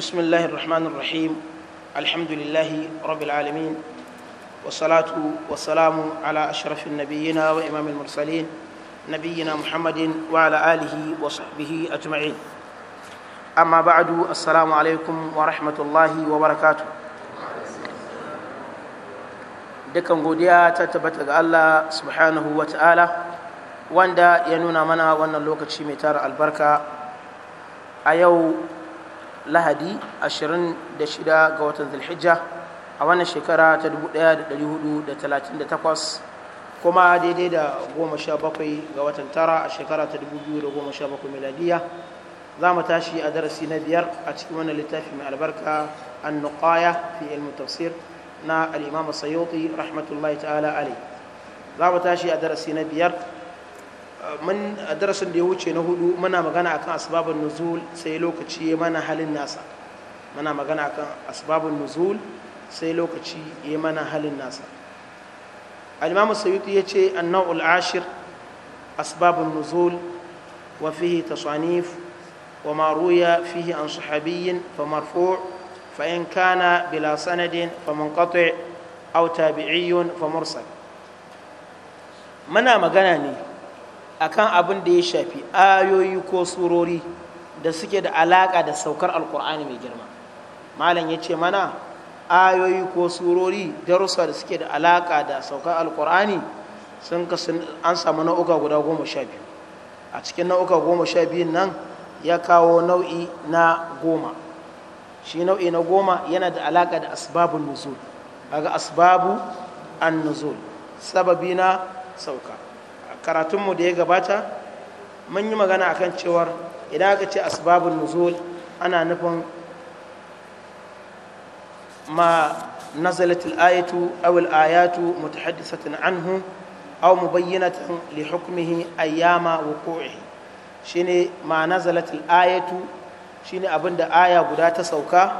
بسم الله الرحمن الرحيم الحمد لله رب العالمين والصلاة والسلام على أشرف النبيين وإمام المرسلين نبينا محمد وعلى آله وصحبه أجمعين أما بعد السلام عليكم ورحمة الله وبركاته dukan godiya ta tabbata ga Allah subhanahu wa ta'ala wanda ya nuna mana wannan lokaci mai tara albarka a yau lahadi 26 ga watan zulhijja a wannan shekara ta 1438 kuma daidai da 17 ga watan tara a shekara ta 2017 miladiya za mu tashi a darasi na biyar a cikin wannan littafi mai albarka an nuqaya fi ilmi tafsir na al-imam sayyuti rahmatullahi ta'ala alai za mu tashi a darasi na biyar mun darasin da ya wuce na hudu muna magana akan asbabun nuzul sai lokaci ya mana halin nasa muna magana akan asbabun nuzul sai lokaci ya mana halin nasa al-imamu ya ce annawul ashir asbabun nuzul wa fihi tasanif wa ma ruya fihi an sahabiyyin fa marfu' fa in kana bila sanadin fa munqati' aw tabi'iyyun fa mursal muna magana ne akan abin da ya shafi ayoyi ko surori da suke da alaka da saukar alkur'ani mai girma malam ya ce mana ayoyi ko surori darussa da suke da alaƙa da saukar alkur'ani sun an samu nau'uka guda goma sha biyu a cikin nau'uka goma sha biyun nan ya kawo nau'i na goma shi nau'i na goma yana da alaka da asibabin nuzul kaga asbabu an nuzul sababi na sauka karatunmu da ya gabata mun yi magana a kan cewar idan aka ce asibabin nuzul ana nufin ma nazalat al'ayatu awil ayatu mutahaddisatin anhu aw mubayyinatan li hukmihi ayyama wuqu'i shine ma nazalat shi ne abinda aya guda ta sauka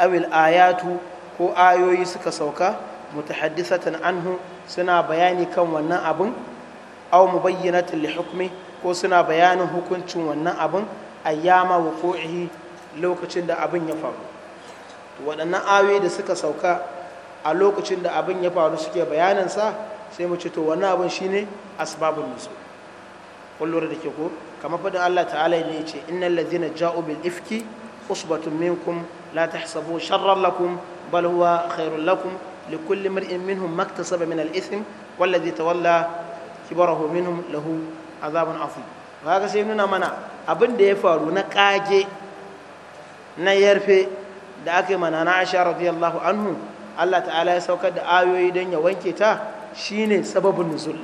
awil ayatu ko ayoyi suka sauka mutahaddisatan anhu suna bayani kan wannan abin aw mubayyinatin li hukmi ko suna bayanin hukuncin wannan abin ayyama wuqu'ihi lokacin da abin ya faru waɗannan ayoyi da suka sauka a lokacin da abin ya faru suke bayanin sa sai mu ce to wannan abin shine asbabun nusu kullum da ke ko kamar fadin Allah ta'ala ne ce innal ladzina ja'u bil ifki usbatun minkum la tahsabu sharran lakum bal huwa khairul lakum likulli mar'in minhum maktasaba min al ithm والذي تولى kibarahu minhum lahu azabun afi haka sai nuna mana abin da ya faru na kage na yarfe da aka yi mana na aisha radiyallahu anhu Allah ta'ala ya saukar da ayoyi don ya wanke ta shine sababin nuzul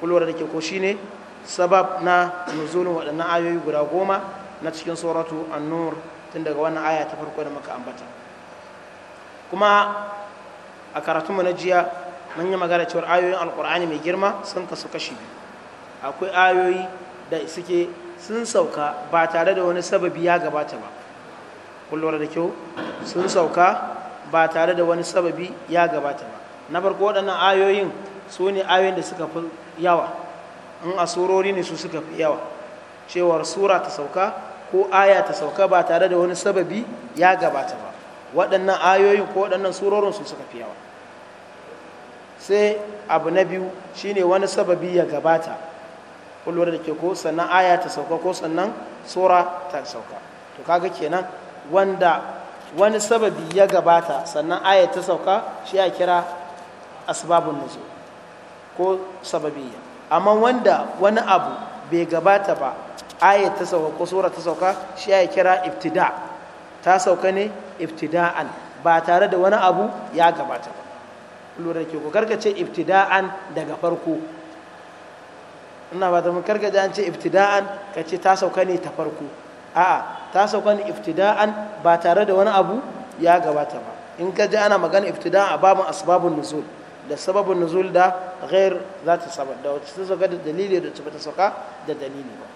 kulwar da ke ko shine sabab na nuzulin waɗannan ayoyi guda goma na cikin suratu an-nur tun daga wannan aya ta farko da muka ambata kuma a mu na jiya mun yi magana cewar ayoyin alkur'ani mai girma sun kasu kashi biyu akwai ayoyi da suke sun sauka ba tare da wani sababi ya gabata ba kullum da kyau sun sauka ba tare da wani sababi ya gabata ba na farko waɗannan ayoyin su ne ayoyin da suka fi yawa in a surori ne su suka fi yawa cewar sura ta sauka ko aya ta sauka ba tare da wani sababi ya gabata ba waɗannan ayoyin ko waɗannan surorin su suka fi yawa sai abu na biyu shine wani sababi ya gabata kullum da ke ko sannan aya ta sauka ko sannan tsora ta sauka to kaga kenan wanda wani sababi ya gabata sannan aya ta sauka shi ya kira asbabun nazo ko sababiyya amma wanda wani abu bai gabata ba aya ta sauka ko tsora ta sauka shi ya kira iftida ta sauka ne Iftida'an. ba tare da wani abu ya gabata lura ke ku karkace ibtida'an daga farko ina ba ta mun karkace an ce ibtida'an ka ce ta sauka ne ta farko a'a ta sauka ne ibtida'an ba tare da wani abu ya gabata ba in ka ji ana magana ibtida'an a babin asbabun nuzul da sababin nuzul da ghair za ta saba da wata ta sauka da dalili da ta sauka da dalili ba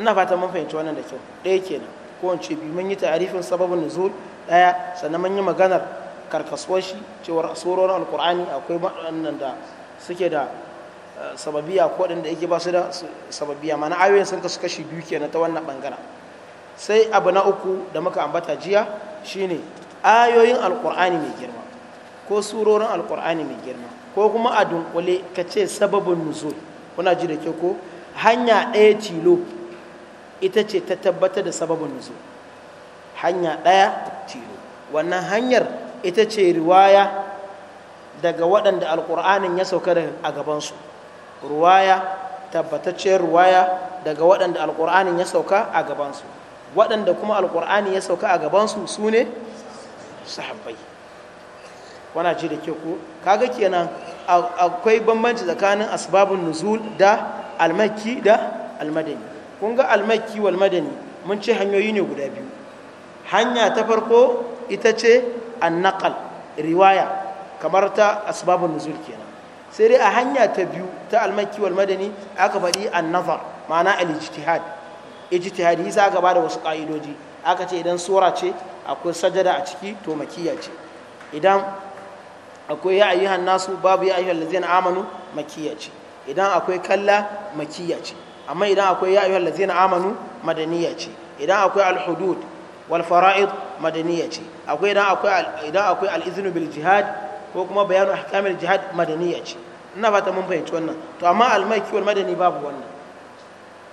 ina fata mun fahimci wannan da kyau ɗaya kenan ko in ce biyu mun yi ta'arifin sababin nuzul ɗaya sannan mun yi maganar karkasuwar shi cewar surorin alkur'ani akwai waɗannan da suke da eh, sababiya ko da yake ba su da sababiya mana ayoyin sun kasu kashi biyu na ta wannan ɓangana sai abu na uku da muka ambata jiya shine ayoyin alkur'ani mai girma ko surorin alkur'ani mai girma ko kuma a dunkule ka ce sababin nuzul kuna ji da ke ko hanya ɗaya tilo ita ce ta tabbatar da sababin nuzul hanya ɗaya tilo wannan hanyar ita ce riwaya daga waɗanda alƙur'anin ya sauka a gabansu ruwaya tabbatacciyar ruwaya daga waɗanda alƙur'anin ya sauka a gabansu waɗanda kuma alƙur'ani ya sauka a gabansu su ne sahabbai wana ji da ke ku kaga kenan akwai bambanci tsakanin asbabun nuzul da almakki da almadani kun ga almakki wal madani mun ce hanyoyi ne guda biyu hanya ta farko ita ce annaqal riwaya kamar ta asbabun nuzul kenan sai dai a hanya ta biyu ta almakki wal madani aka faɗi annazar ma'ana al-ijtihad yi yasa gaba da wasu ka'idoji aka ce idan sura ce akwai sajada a ciki to makiyya ce idan akwai ya ayyuha nasu babu ya ayyuhal ladzina amanu makiyya ce idan akwai kalla makiyya ce amma idan akwai ya ayyuhal ladzina amanu madaniyya ce idan akwai al-hudud wal fara'id madaniyya ce akwai idan akwai idan akwai bil jihad ko kuma bayanu ahkamil jihad madaniya ce ina fata mun fahimci wannan to amma al-makki madani babu wannan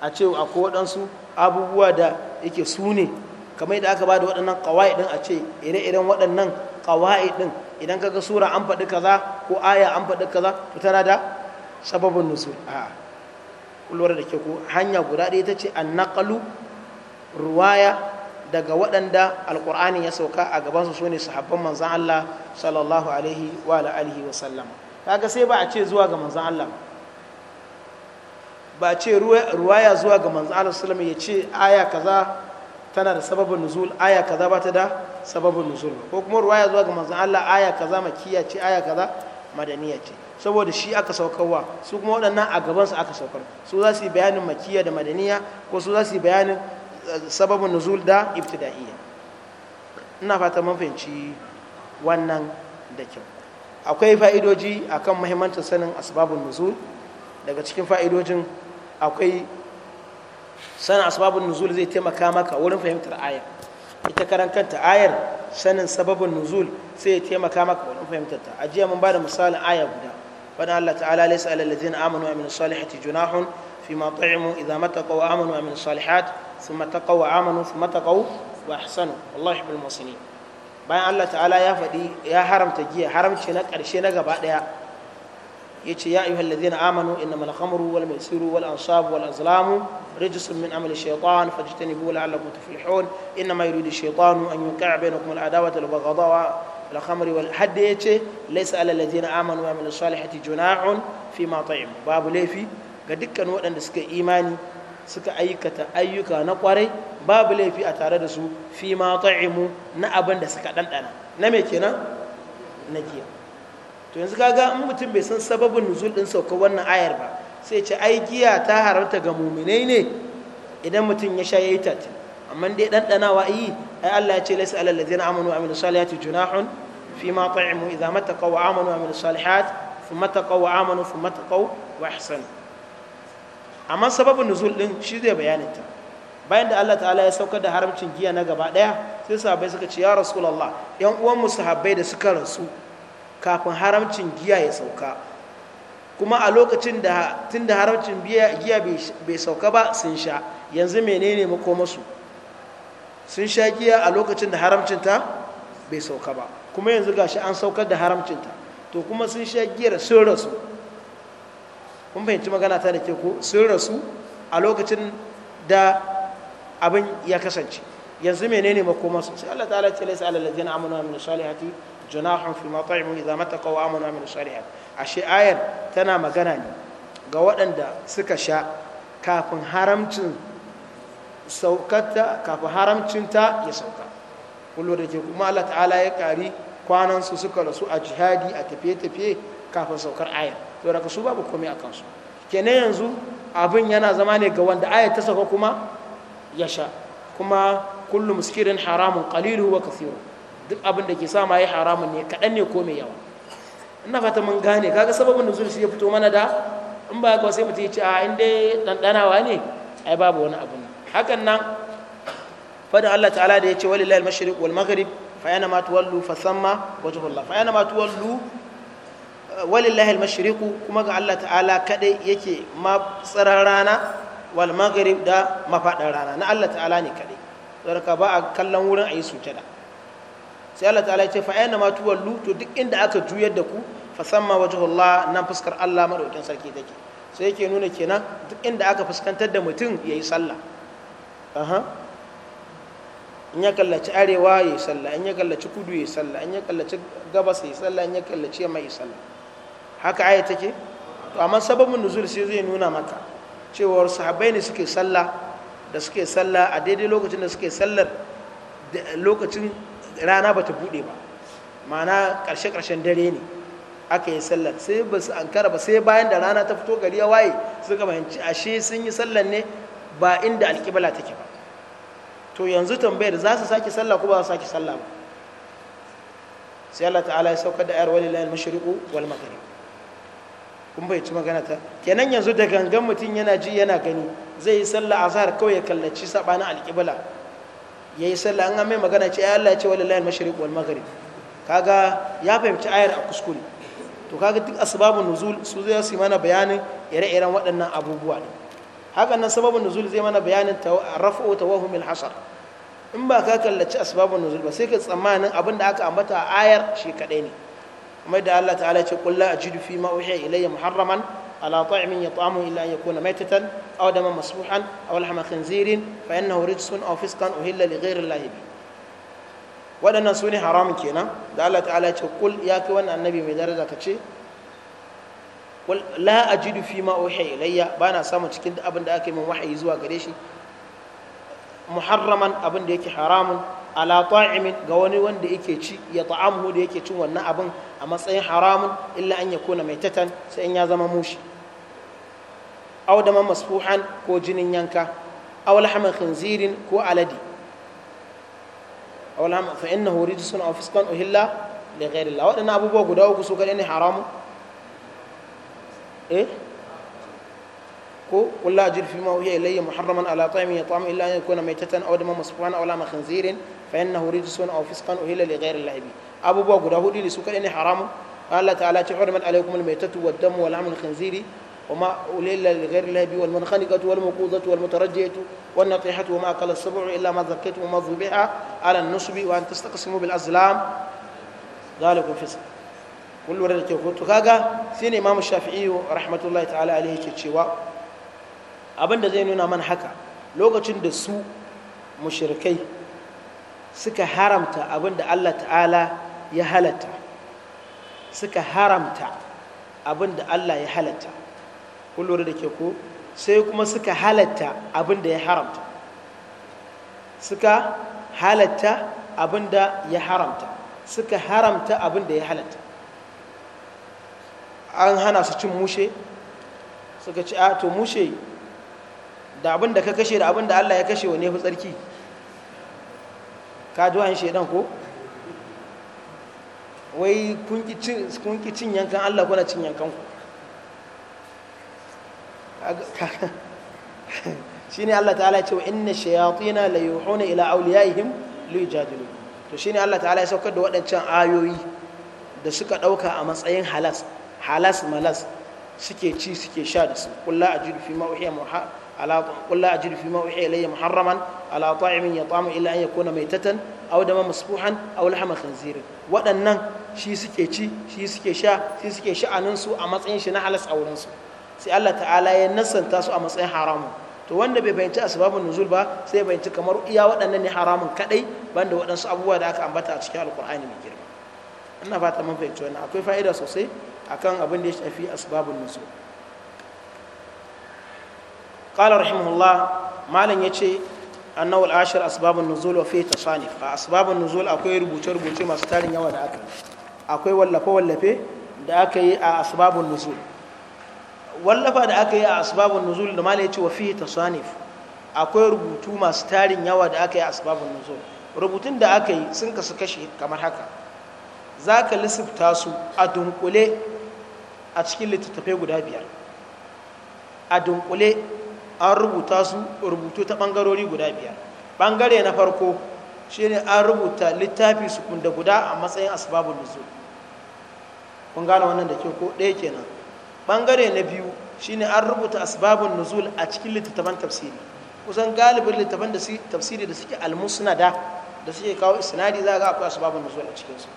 a ce akwai waɗansu abubuwa da yake sune ne kamar yadda aka ba da waɗannan ƙawa'idin a ce ire-iren waɗannan ƙawa'idin idan kaga sura an faɗi kaza ko aya an faɗi kaza to tana da sababin nusul a kullum da ke ko hanya guda ɗaya ta ce an naƙalu ruwaya daga waɗanda alƙur'ani ya sauka a gabansu su ne sahabban manzan Allah sallallahu alaihi wa alihi wa sallam kaga sai ba a ce zuwa ga manzan Allah ba a ce ruwaya zuwa ga manzan Allah sallallahu alaihi ya ce aya kaza tana da sababin nuzul aya kaza ba ta da sababin nuzul ko kuma ruwaya zuwa ga manzan Allah aya kaza makiya ce aya kaza madaniya ce saboda shi aka saukarwa su kuma waɗannan a gabansu aka saukar su za su yi bayanin makiya da madaniya ko su za su yi bayanin sababin nuzul da ibtida'iyya ina fata mun fahimci wannan da kyau akwai fa'idoji akan muhimmancin sanin asbabun nuzul daga cikin fa'idojin akwai sanin asbabun nuzul zai taimaka maka wurin fahimtar ayar ita karan kanta ayar sanin sababin nuzul sai ya taimaka maka wurin fahimtar ta ajiya mun bada misalin aya guda fadan Allah ta'ala laysa alal ladzina amanu wa amilus salihati junahun ma ta'imu idza mattaqaw wa amanu wa amilus salihati ثم تقوا وآمنوا ثم تقوا وأحسنوا والله يحب المحسنين bayan Allah ta'ala ya faɗi ya haramta giya haramci na ƙarshe na gaba ɗaya yace ya ayyuhal ladzina amanu innamal khamru wal maisiru wal ansabu wal azlamu rijsun min amali shaytan fajtanibu la'allakum tuflihun innama yuridu shaytanu an yuqi'a bainakum al adawata wal baghdha wal khamri wal hadda yace laysa alal ladzina amanu wa amilus salihati junahun fi ma ta'im babu laifi ga dukkan waɗanda suka imani suka aikata ayyuka na kwarai babu laifi a tare da su fi ma ta'imu na abin da suka ɗanɗana na me kenan na giya to yanzu kaga in mutum bai san sababin nuzul ɗin sauka wannan ayar ba sai ce ai giya ta haramta ga muminai ne idan mutum ya sha yayi tati amma dai wa yi ai Allah ya ce laisa alal ladzina amanu wa amilu salihati junahun fi ma ta'imu idza mattaqaw wa amanu wa amilu salihat fa taqaw wa amanu fa taqaw wa ahsanu amma sababin nuzul din shi zai bayanin ta bayan da Allah ta'ala ya saukar da haramcin giya na gaba daya sai sahabbai suka ce ya rasulullah yan uwan mu sahabbai da suka rasu kafin haramcin giya ya sauka kuma a lokacin da tun da haramcin giya bai sauka ba sun sha yanzu menene makomasu sun sha giya a lokacin da haramcin ta bai sauka ba kuma yanzu gashi an saukar da haramcin ta to kuma sun sha giyar sun rasu kun fahimci magana ta da ke ku sun rasu a lokacin da abin ya kasance yanzu menene makoma su sai Allah ta'ala ce laysa alal ladina amanu wa amilus salihati junahun fi ma ta'imu idza mataqaw wa amanu wa amilus salihati ashe ayar tana magana ne ga waɗanda suka sha kafin haramcin saukata kafin ta ya sauka kullu da ke kuma Allah ta'ala ya kari kwanan su suka rasu a jihadi a tafiye-tafiye kafin saukar ayar to daga su babu komai a kansu kenan yanzu abin yana zama ne ga wanda ayat ta saka kuma ya sha kuma kullu muskirin haramun qalilu wa kathiru duk abin da ke sa ma yi haramun ne kaɗan ne ko mai yawa ina fata mun gane kaga sababin nuzul shi ya fito mana da in ba ga sai mutum ya ce a in dai dandanawa ne ai babu wani abin hakan nan fadin Allah ta'ala da ya ce walillahi al-mashriq wal maghrib fa yana ma tuwallu fa samma wajhullah fa yana ma tuwallu walillahi al-mashriqu kuma ga Allah ta'ala kadai yake ma tsaran rana wal maghrib da mafadan rana na Allah ta'ala ne kadai ka ba a kallon wurin ayi sujada sai Allah ta'ala ya ce fa ayyana ma tuwallu to duk inda aka juyar da ku fa samma wajhullah nan fuskar Allah madaukin sarki take sai yake nuna kenan duk inda aka fuskantar da mutum yayi sallah aha in ya kallaci arewa ya yi sallah in ya kallaci kudu ya yi sallah in ya kallaci gabas ya yi sallah in ya kallaci yamma ya yi sallah haka aya take to amma sababin nuzul sai zai nuna maka cewa sahabbai ne suke sallah da suke sallah a daidai lokacin da suke sallar lokacin rana bata bude ba ma'ana karshe karshen dare ne aka yi sallar sai ba su ankara ba sai bayan da rana ta fito gari ya waye suka fahimci ashe sun yi sallar ne ba inda alƙibla take ba to yanzu tambayar za su sake sallah ko ba su sake sallah ba sai Allah ta'ala ya saukar da ayar walilahi al-mashriqu wal maghrib kun bai ci magana ta kenan yanzu da gangan mutum yana ji yana gani zai yi sallah azhar kawai ya kallaci sabanin alƙibla yayi sallah an mai magana ce ya Allah ya ce wallahi al-mashriq wal maghrib kaga ya fahimci ayar a kuskure to kaga duk asbabun nuzul su zai su mana bayanin ire-iren waɗannan abubuwa ne hakan nan sababun nuzul zai mana bayanin rafu tawahumil hasar in ba ka kallaci asbabun nuzul ba sai ka tsammanin abin da aka ambata a ayar shi kadai ne kuma da Allah ta'ala ce qul la ajidu fi ma uhiya ilayya muharraman ala ta'amin yat'amu illa an yakuna maytatan aw daman masfuhan aw lahma khinzirin fa innahu rijsun aw fisqan uhilla li ghayri Allah bi waɗannan sune haramun kenan da Allah ta'ala ce qul ya kai wannan annabi mai daraja ka ce la ajidu fi ma uhiya ilayya bana samu cikin abin da aka yi min wahayi zuwa gare shi muharraman abin da yake haramun ala ta'imin ga wani wanda yake ci ya ta'amhu da yake cin wannan abin a matsayin haramun illa an ya kona mai tatan sai in ya zama mushi aw da masfuhan ko jinin yanka aw lahman khinzirin ko aladi aw lahman fa innahu rijsun aw fiskan uhilla li ghairi Allah wadannan abubuwa guda uku su kadai ne haramu eh ko kullu ajir fi ma uhiya ilayya muharraman ala ta'imi yat'am illa an yakuna maytatan aw daman masfuhan aw lama khinzirin fa innahu rijsun aw fisqan uhilla li ghayri Allah bi abubuwa guda hudu ne suka kadai ne haramu Allah ta'ala ce hurmat alaykum al-maytatu wad-damu wal lahmul khinziri وما أولي لغير الله به والمنخنقة والمقوضة والمترجية والنطيحة وما أكل السبع إلا ما ذكيتم وما ذبح على النصب وأن تستقسموا بالأزلام ذلك فسق كل ورد تقول تكاغا سين إمام الشافعي رحمة الله تعالى عليه تشيوا abin da zai nuna man haka lokacin da su mushrikai suka haramta abin da Allah ta'ala ya halatta suka haramta abin da Allah ya halatta kullum da ke ko sai kuma suka halatta abin da ya haramta suka halatta abin da ya haramta suka haramta abin da ya halatta an hana su cin mushe suka ci a to mushe da abin da ka kashe da abin da Allah ya kashe wane fi tsarki ka ji wani shaidan ko wai kun cin yankan Allah kuna cin yankan ku shine Allah ta'ala ya ce wa inna shayatina la yuhuna ila awliyaihim li yujadilu to shine Allah ta'ala ya saukar da waɗancan ayoyi da suka ɗauka a matsayin halas halas malas suke ci suke sha da su kullu a jirfi ma'uhiyar على قل لا أجد فيما أوحي إلي محرما على طاعم يطعم إلا أن يكون ميتة أو دما مسبوحا أو لحم خنزير ci شي سكي شي شي سكي شا شي سكي شا أننسو أمسين شنا حلس أو ننسو سي الله تعالى ينسن تاسو matsayin حرام to wanda bai bayanci asbabun nuzul ba sai bayanci kamar iya waɗannan ne haramun kadai banda waɗansu abubuwa da aka ambata a cikin alkur'ani mai girma ina fata mun fahimci wannan akwai fa'ida sosai akan abin da ya shafi asbabun nuzul qala rahimahullah malam yace annahu al-ashir asbabun nuzul wa fi tasanif a asbabun nuzul akwai rubuce rubuce masu tarin yawa da aka akwai wallafe wallafe da aka yi a asbabun nuzul wallafa da aka yi a asbabun nuzul da malam yace wa fi tasanif akwai rubutu masu tarin yawa da aka yi a asbabun nuzul rubutun da aka yi sun kasu kashi kamar haka za ka lissafta su a dunkule a cikin littattafai guda biyar a dunkule an rubuta su rubutu ta ɓangarori guda biyar ɓangare na farko shi ne an rubuta littafi su kunda guda a matsayin asbabun nuzul kun gane wannan da ke ko ɗaya kenan ɓangare na biyu shi ne an rubuta da nuzul a cikin littattafan tafsiri kusan galibin littattafan da tafsiri da suke almusnada da suke kawo isnadi za ga akwai da nuzul a cikin su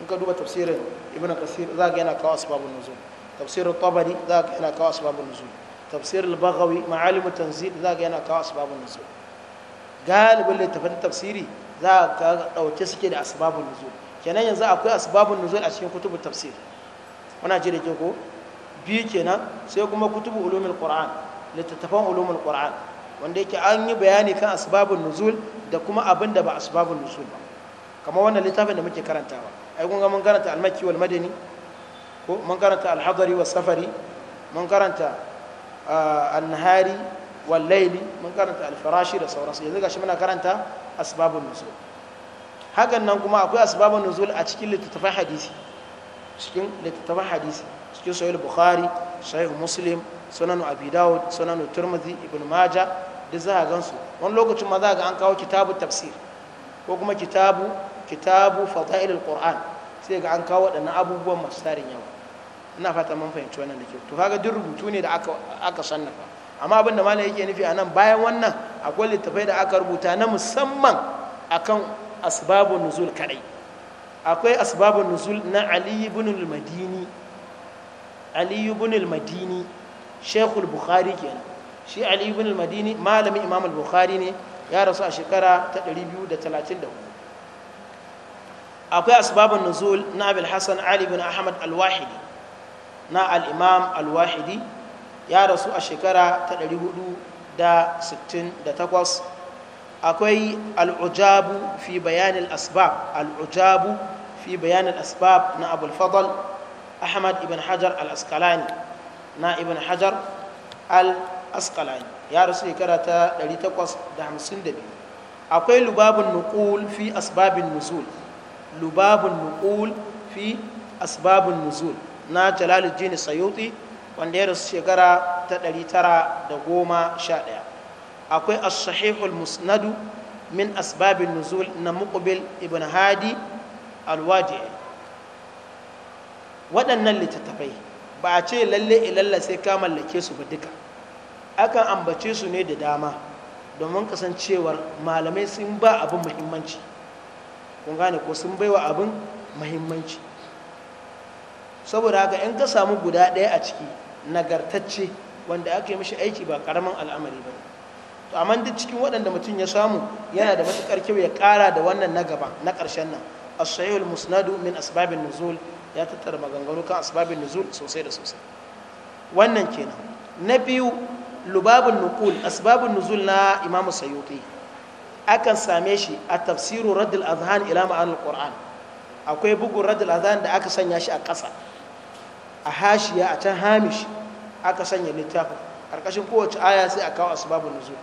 in ka duba tafsirin ibn kasir za ga yana kawo da nuzul tafsirin tabari za ga yana kawo da nuzul tafsir al-baghawi ma'alim tanzil za ga yana kawo asbabun nuzul galibin littafin tafsiri za ka dauke suke da asbabun nuzul kenan yanzu akwai asbabun nuzul a cikin kutubu tafsir wannan ji da ke ko biyu kenan sai kuma kutubu ulumul qur'an littattafan ulumul qur'an wanda yake an yi bayani kan asbabun nuzul da kuma abin da ba asbabun nuzul ba kamar wannan littafin da muke karantawa ai kun ga mun karanta al-makki wal madani ko mun karanta al-hadari was safari mun karanta annahari wallaili mun karanta alfarashi da sauransu yanzu gashi muna karanta asbabun nuzul hakan nan kuma akwai asbabun nuzul a cikin littattafan hadisi cikin littattafan hadisi cikin sahih bukhari sahih muslim sunan abi dawud sunan turmudi ibn majah duk za a gansu wani lokacin ma za ga an kawo kitabu tafsir ko kuma kitabu kitabu fadailul qur'an sai ga an kawo wadannan abubuwan masu tarin yawa ina fata mun fahimci wannan da kyau to kaga duk rubutu ne da aka aka sannafa amma abin da malam yake nufi anan bayan wannan akwai littafai da aka rubuta na musamman akan asbabun nuzul kadai akwai asbabun nuzul na ali ibn al-madini ali ibn al-madini shaykh al-bukhari kenan shi ali ibn al-madini malamin imam al-bukhari ne ya rasu a shekara ta 234 akwai asbabun nuzul na abul hasan ali bin ahmad alwahidi na al'imam al-wahidi ya rasu a shekara ta 468 akwai al'ujabu fi bayanin asbab al'ujabu fi bayanin asbab na abulfadal ahmad ibn hajar al-askalani na ibn hajar al-askalani ya rasu shekara ta 852 akwai da nukul fi asbabin nuzul lubabin nukul fi asbabin nuzul na jalaluddin sayuti wanda ya rasu shekara ta 911 akwai as-sahihul musnadu min asbabin nuzul na muqbil ibn hadi alwadi waɗannan littattafai ba a ce lalle ilalla sai ka mallake su ba duka akan ambace su ne da dama domin kasancewar malamai sun ba abin muhimmanci kun gane ko sun baiwa abin muhimmanci saboda haka in ka samu guda ɗaya a ciki nagartacce wanda aka yi mashi aiki ba karamin al'amari ba to amma duk cikin waɗanda mutum ya samu yana da matuƙar kyau ya ƙara da wannan na gaba na ƙarshen nan asayul musnadu min asbabin nuzul ya tattara maganganu kan asbabin nuzul sosai da sosai wannan kenan na biyu lubabun nuqul asbabun nuzul na imamu sayuti akan same shi a tafsiru raddul azhan ila ma'anil qur'an akwai bugun radul azan da aka sanya shi a ƙasa a hashiya a can hamish aka sanya littafin ƙarƙashin kowace aya sai a kawo asbabun nuzul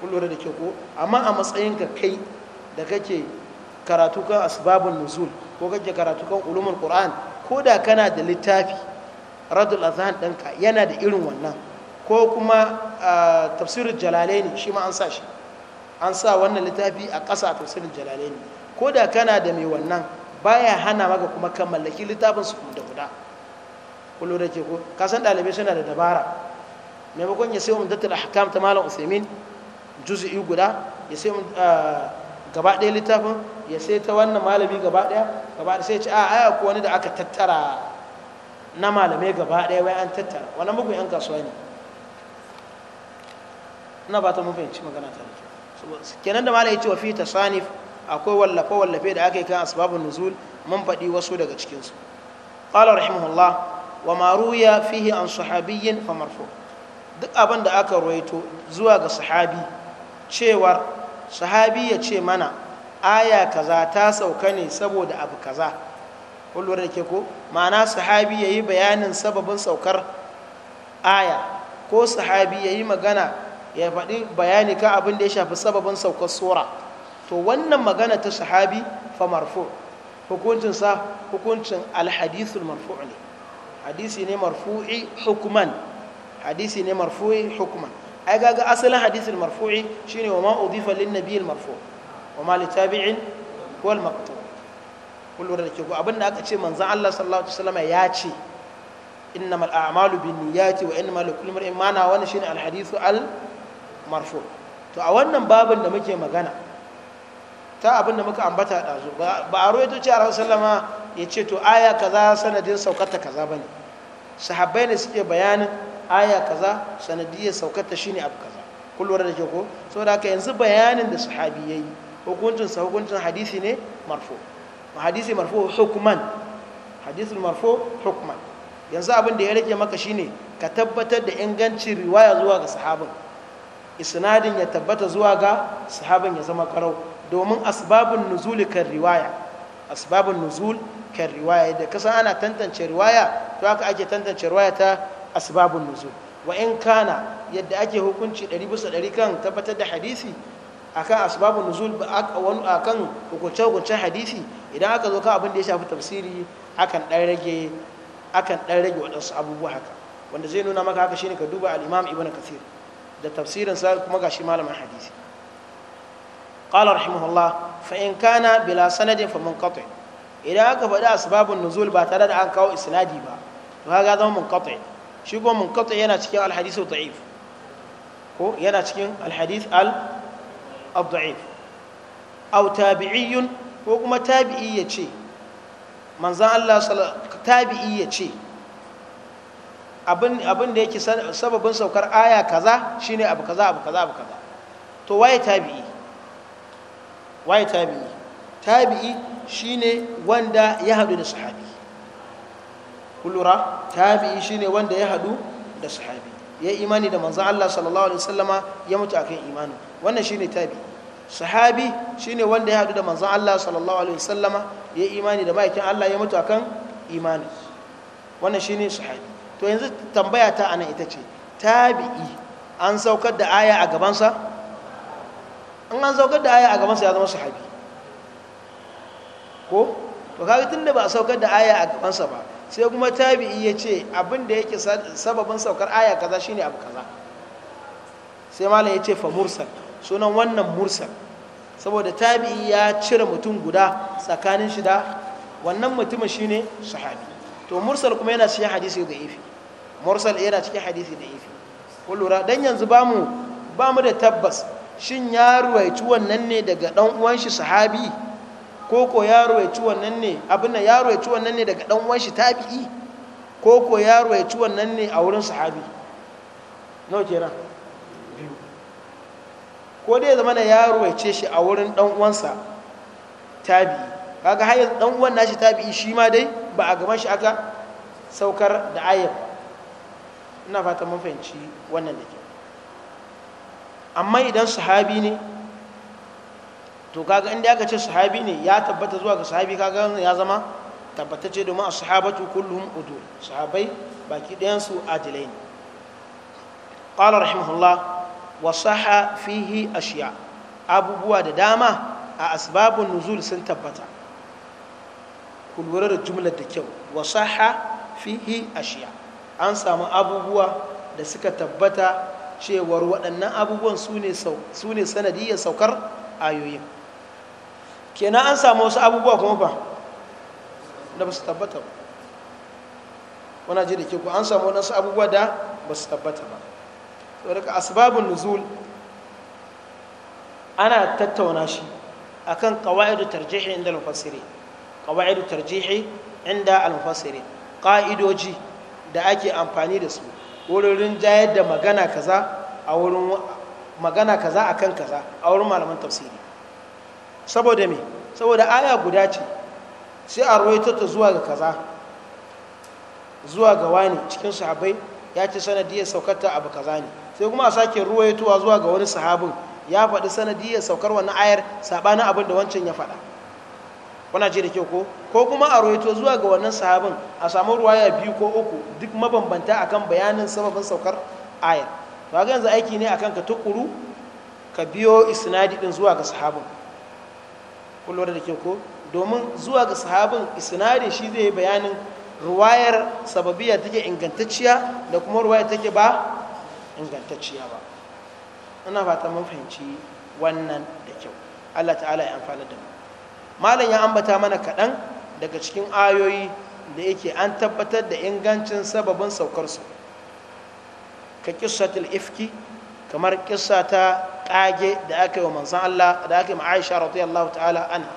kun lura da ke ko amma a matsayin ka kai da kake karatu kan asbabun nuzul ko kake karatu kan ulumul qur'an ko da kana da littafi radul azan ɗinka yana da irin wannan ko kuma tafsirin jalalaini shi ma an sa shi an sa wannan littafi a ƙasa a tafsirin jalalaini ko da kana da mai wannan baya hana maka kuma kan mallaki littafin su da guda kullu da ke ko ka san dalibai suna da dabara maimakon ya sayo mutatul ahkam ta malam usaimin juz'i guda ya sayo ah, gaba ɗaya littafin ya sai ta wannan malami gaba ɗaya gaba ɗaya sai ce a aya ko wani da aka tattara na malamai gaba ɗaya wai an tattara wannan mugun yan kasuwa ne na ba ta mun fahimci magana ta kenan da malam ya ce wa fi sanif akwai wallafe wallafe da aka yi kan asbabun nuzul mun faɗi wasu daga cikinsu qala rahimahullah wa maru ya fihi an sahabiyyin fa marfu duk abin da aka ruwaito zuwa ga sahabi cewar sahabi ya ce mana aya kaza ta sauka ne saboda abu kaza da ko ma'ana sahabi ya yi bayanin sababin saukar aya ko sahabi ya yi magana ya faɗi bayani kan abin da ya shafi sababin saukar sura to wannan magana ta sahabi fa marfu hukuncin sa hukuncin alhadithul marfu ne hadisi ne marfu'i hukuman hadisi ne marfu'i hukuman ai ga asalin hadisul marfu'i shine wa ma udifa lin nabiyil marfu' wa ma li tabi'in wal maqtu kullu da ke go abinda aka ce manzon Allah sallallahu alaihi wasallam ya ce innamal a'malu binniyati wa innamal likulli imrin ma na wannan shine alhadithu al marfu to a wannan babin da muke magana ta abin da muka ambata ɗazu ba a ruwaito ce a rahun sallama ya ce to aya kaza sanadin saukata kaza ba ne sahabbai ne suke bayanin aya kaza sanadiyar saukata shine abu kaza kullum da ke ko saboda haka yanzu bayanin da sahabi ya yi hukuncin sa hukuncin hadisi ne marfo hadisi marfo hukuman, hadisi marfo hukuman. yanzu abin da ya rage maka shine ka tabbatar da ingancin riwaya zuwa ga sahabin isnadin ya tabbata zuwa ga sahabin ya zama karau domin asbabun nuzul kan riwaya asbabun nuzul kan riwaya da kasan ana tantance riwaya to haka ake tantance riwaya ta asbabun nuzul wa in kana yadda ake hukunci 100 bisa kan tabbatar da hadisi akan asbabun nuzul akan hukunce-hukuncen hadisi idan aka zo kan abin da ya shafi tafsiri akan dan rage akan dan rage waɗansu abubuwa haka wanda zai nuna maka haka shine ka duba al-imam ibnu kathir da tafsirin sa kuma gashi malamin hadisi qala rahimahullah fa in kana bila sanadin fa munqati idan aka faɗi asbabun nuzul ba tare da an kawo isnadi ba to kaga shi kuma munqati yana ko yana cikin alhadith al da'if ko kuma tabi'i ya manzan Allah abin da yake sababin saukar aya kaza shine abu kaza abu kaza abu kaza to waye tabi'i waye tabi'i tabi'i shine wanda ya hadu da sahabi kullura tabi'i shine wanda ya hadu da sahabi ya imani da manzon Allah sallallahu alaihi wasallama ya mutu akan imani wannan shine tabi'i sahabi shine wanda ya hadu da manzon Allah sallallahu alaihi wasallama ya imani da ma'aikin Allah ya mutu akan imani wannan shine sahabi to yanzu tambaya ta anan ita ce tabi'i an saukar da aya a gabansa an an saukar da aya a gabansa ya zama sahabi ko to kaga tunda ba a saukar da aya a gabansa ba sai kuma tabi'i ya ce abinda yake sababin saukar aya kaza shine abu kaza sai malam ya ce fa mursal sunan wannan mursal saboda tabi'i ya cire mutum guda tsakanin shi da wannan mutumin shine sahabi to mursal kuma yana cikin hadisi da ifi mursal yana cikin hadisi da ifi ko lura dan yanzu bamu bamu da tabbas shin ya ruwaici wannan ne daga dan uwan shi sahabi ko ko ya ruwaici wannan ne abin da ya ruwaici wannan ne daga dan uwan shi tabi'i ko ko ya ruwaici wannan ne a wurin sahabi nawa kenan biyu ko dai zama na ya ruwaice shi a wurin ɗan uwansa tabi'i kaga har yanzu dan uwan nashi tabi'i shi ma dai ba a gama shi aka saukar da ayyar ina fata mun fahimci wannan da ke amma idan sahabi ne to kaga inda aka ce sahabi ne ya tabbata zuwa ga sahabi kaga ya zama tabbatacce domin a kullum udul sahabai baki ɗayansu adilai ne ƙwalar rahimahullah wasaha fihi ashiya abubuwa da dama a asbabun nuzul sun tabbata ku lura da jumlar da kyau wasaha fihi ashiya an samu abubuwa da suka tabbata cewar waɗannan abubuwan su ne sanadiyar saukar ayoyin kenan an samu wasu abubuwa kuma ba da ba su tabbata ba wana ji da ke ku an samu wasu abubuwa da ba su tabbata ba saboda asbabun nuzul ana tattauna shi akan qawaidu tarjihi inda al-mufassiri qawaidu tarjihi inda al-mufassiri qa'idoji da ake amfani da su wurin jayar da magana kaza a wurin magana kaza akan kaza a wurin malaman tafsiri saboda me saboda aya guda ce sai a roita ta zuwa ga kaza zuwa ga wani cikin sahabai ya ce sanadiyar saukarta abu kaza ne sai kuma a sake ruwaitowa zuwa ga wani sahabin ya faɗi sanadiyar saukar wannan ayar saɓanin abin da wancan ya faɗa kuna ce da kyau ko ko kuma a roito zuwa ga wannan sahabin a samu ruwaya biyu ko uku duk mabambanta akan bayanin sababin saukar ayar ba ga yanzu aiki ne akan ka tukuru ka biyo isnadi din zuwa ga sahabin kullum da kyau ko domin zuwa ga sahabin isnadi shi zai yi bayanin ruwayar sababiya take ingantacciya da kuma ruwayar take ba ingantacciya ba ina fata mun fahimci wannan da kyau Allah ta'ala ya amfana da mu malam ya ambata mana kaɗan daga cikin ayoyi da yake an tabbatar da ingancin sababin saukarsu ka kissatul ifki kamar kissa ta ƙage da aka yi wa manzan Allah da aka yi ma'aisha Allah ta'ala ana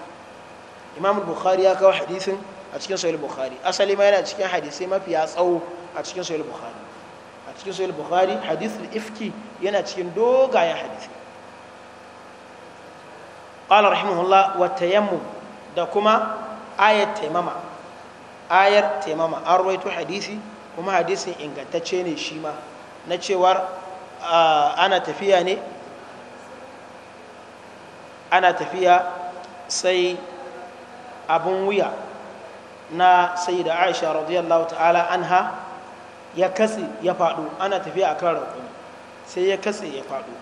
imam bukhari ya kawo hadisin a cikin sahih bukhari asali ma yana cikin hadisai mafiya tsawo a cikin sahih bukhari a cikin sahih bukhari hadithul ifki yana cikin dogayen hadisi qala rahimahullah wa tayammum da kuma ayat taimama ayar taimama an rawaito hadisi kuma hadisin ingantacce ne shima na cewar ana tafiya ana tafiya sai abin wuya na da aisha radiyallahu ta'ala anha ya katse ya faɗo ana tafiya a kan rakuni sai ya katse ya faɗo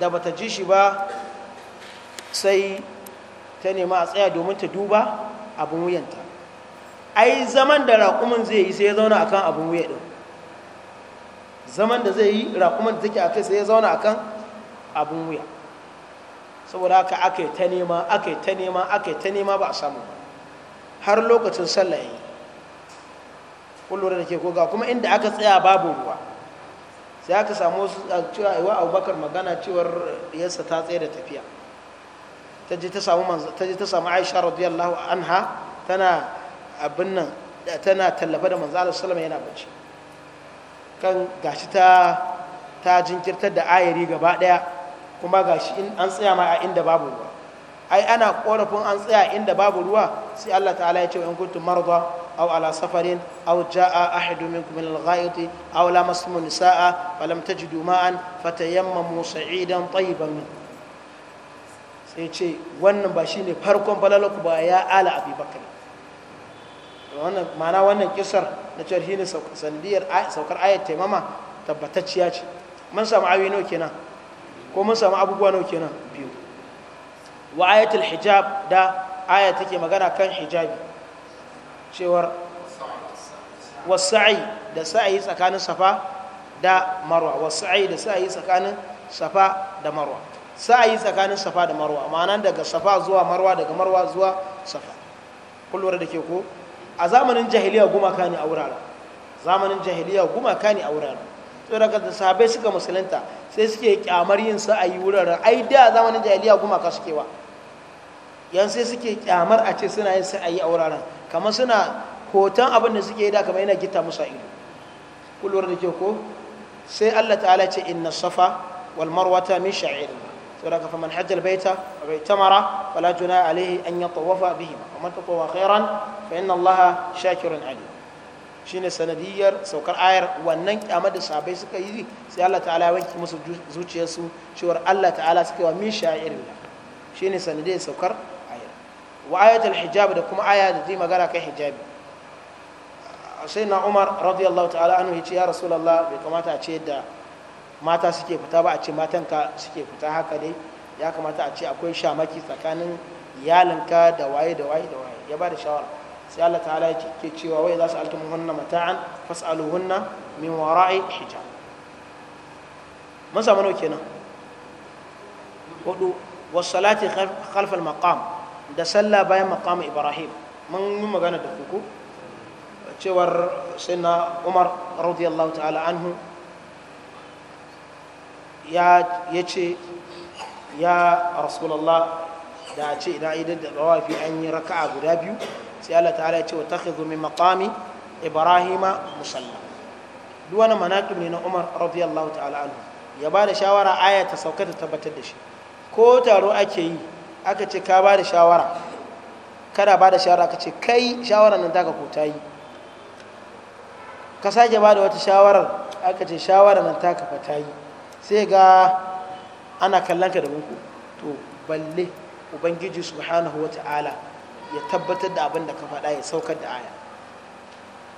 da bata ji shi ba sai ta nema a tsaya domin ta duba abin wuyanta ai zaman da raƙumin zai yi sai ya zauna akan abin wuya ɗin zaman da zai yi raƙumin da take a kai sai ya zauna akan abin wuya saboda haka aka yi ta nema aka yi ta nema aka yi ta nema ba a samu ba har lokacin sallah yi kullum da ke koga kuma inda aka tsaya babu ruwa sai aka samu cewa iwa abubakar magana cewar yasa ta tsaye da tafiya ta je ta samu Aisha radiyallahu anha tana abin nan tana tallafa da manzo salama yana bacci kan gashi ta ta jinkirtar da ayari gaba daya kuma gashi an tsaya ma a inda babu ruwa ai ana korafin an tsaya inda babu ruwa sai Allah ta'ala ya ce in kuntum marda aw ala safarin aw jaa ahadu minkum min al au aw lamastum nisaa falam tajidu ma'an fatayammamu sa'idan tayyiban min sai ce wannan ba shi ne farkon falalaku ba ya ala abi bakar ma'ana wannan kisar na cewar shine sanadiyar saukar ayat taimama tabbatacciya ce mun samu awi nau kenan ko mun samu abubuwa nau kenan biyu wa ayatul hijab da aya take magana kan hijabi cewar wasa'i da sa'ayi tsakanin safa da marwa wasa'i da sa'ayi tsakanin safa da marwa sa'ayi tsakanin safa da marwa ma'ana daga safa zuwa marwa daga marwa zuwa safa kullum da ke ko a zamanin jahiliya gumaka ne a wuraren zamanin jahiliya gumaka ne a wuraren tsoraka da sahabai suka musulunta sai suke kyamar yin sa'ayi wuraren ai da zamanin jahiliya gumaka suke wa yan sai suke kyamar a ce suna yin sa'ayi a wuraren kamar suna hoton abin da suke yi da kamar yana gita musa ido kullum da ke ko sai allah ta'ala ce inna safa wal marwata min sha'irin saboda ka faman hajjal baita aw itamara fala juna alaihi an yatawafa bihima wa man tatawwa khairan fa inna allaha shakirun alim shine sanadiyar saukar ayar wannan kyamar da sabai suka yi sai Allah ta'ala ya wanke musu zuciyarsu cewar Allah ta'ala suka yi wa min sha'irillah shine sanadiyar saukar ayar wa ayatul hijab da kuma aya da zai magana kai hijabi sai na umar radiyallahu ta'ala anhu ya ce ya rasulallah bai kamata a ce da mata suke fita ba a ce matanka suke fita haka dai ya kamata a ce akwai shamaki tsakanin iyalinka da waye da waye da waye ya ba da shawara sai Allah ta'ala ke cewa wai za su altumu hunna mata'an fas'aluhunna min wara'i hijab mun samu nawa kenan hudu wasalati khalfal maqam da sallah bayan maqam ibrahim mun yi magana da kuku cewar sayyidina umar radiyallahu ta'ala anhu ya ce ya rasulallah da a ce idan idan da rawafi an yi raka'a guda biyu sai Allah ta'ala ya ce wa takhidhu min maqami ibrahima musalla duk wani manaqib ne na Umar radiyallahu ta'ala anhu ya bada shawara aya ta sauka ta tabbatar da shi ko taro ake yi aka ce ka bada shawara kada bada shawara aka ce kai shawara nan taka ko ta yi ka sake bada wata shawarar aka ce shawara nan taka fa ta yi sai ga ana kallon da muku to balle ubangiji subhanahu wa ta'ala ya tabbatar da abin da ka faɗa ya saukar da aya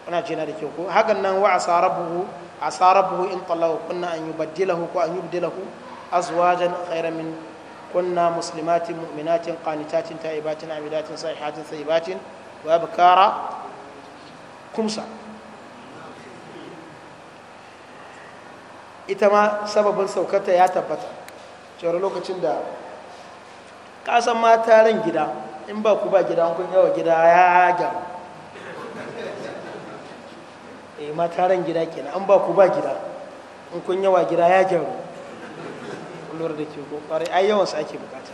kuna jina da kyau ko hakan nan wa asarabuhu asarabuhu in talawa kunna an yubaddilahu ko an yubdilahu azwajan khayran min kunna muslimatin mu'minatin qanitatin taibatin amidatin sahihatin sayyibatin wa bakara kumsa ita ma sababin saukarta ya tabbata cewar lokacin da kasan mata ran gida in ba ku ba gida kun yawa gida ya gyaru e mata ran gida kenan an ba ku ba gida in kun yawa gida ya gyaru lura da ke kokari ai yawan su ake bukata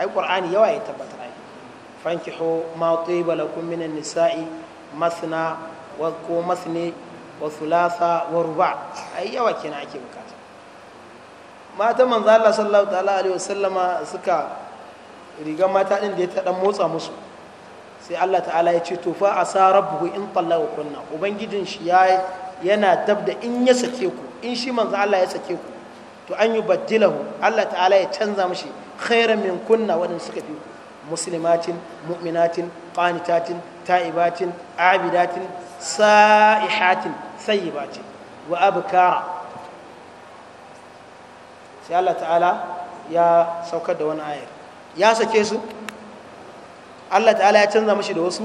ai qur'ani yawa ya tabbatar ai fankihu ma tiba lakum minan nisa'i masna wa ko masni wa thulatha wa ruba ai yawa kenan ake bukata mata manzo Allah sallallahu ta'ala alaihi wasallama suka riga mata din da ya ta dan motsa musu sai Allah ta'ala ya ce to fa asa rabbuhu in tallahu kunna ubangijin shi ya yana dabda in ya sake ku in shi manzo Allah ya sake ku to an yi baddilahu Allah ta'ala ya canza mashi khairan min kunna waɗanda suka fi muslimatin mu'minatin qanitatin ta'ibatin abidatin sa'ihatin tayyiba ce wa abkara sai Allah ta'ala ya saukar da wani ayar ya sake su Allah ta'ala ya canza mashi da wasu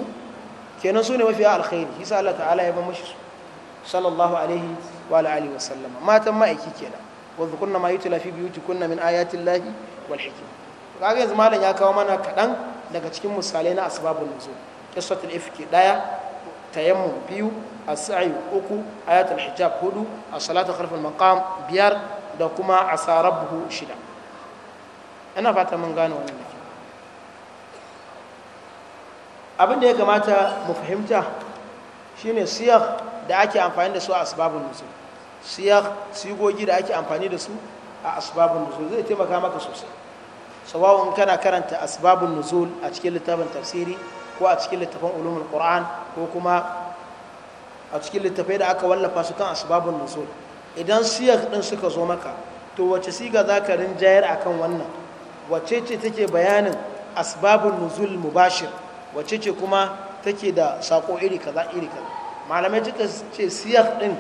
kenan su ne mafiya alkhairi yasa Allah ta'ala ya ba mashi su sallallahu alaihi wa alihi wa sallama matan ma'aiki kenan wa dhukunna ma yutla fi kunna min ayati llahi wal hikma kaga yanzu malam ya kawo mana kaɗan daga cikin misalai na asbabun nuzul qissatul ifki daya tayammum biyu asai uku ayatul hijab hudu as-salatu khalfal maqam biyar da kuma asarabuhu shida ana fata mun gane wannan da abin da ya kamata mu fahimta shine siyar da ake amfani da su a asbabun nuzul siyar sigogi da ake amfani da su a asbabun nuzul zai taimaka maka sosai sawawun kana karanta asbabun nuzul a cikin littafin tafsiri ko a cikin littafin ulumul qur'an ko kuma a cikin littafai da aka wallafa su kan asibabin nusul idan siyar ɗin suka zo maka to wace siga za ka rinjayar a kan wannan wace ce take bayanin asbabun nuzul mubashir wace ce kuma take da sako iri kaza iri kaza malamai suka ce siyar ɗin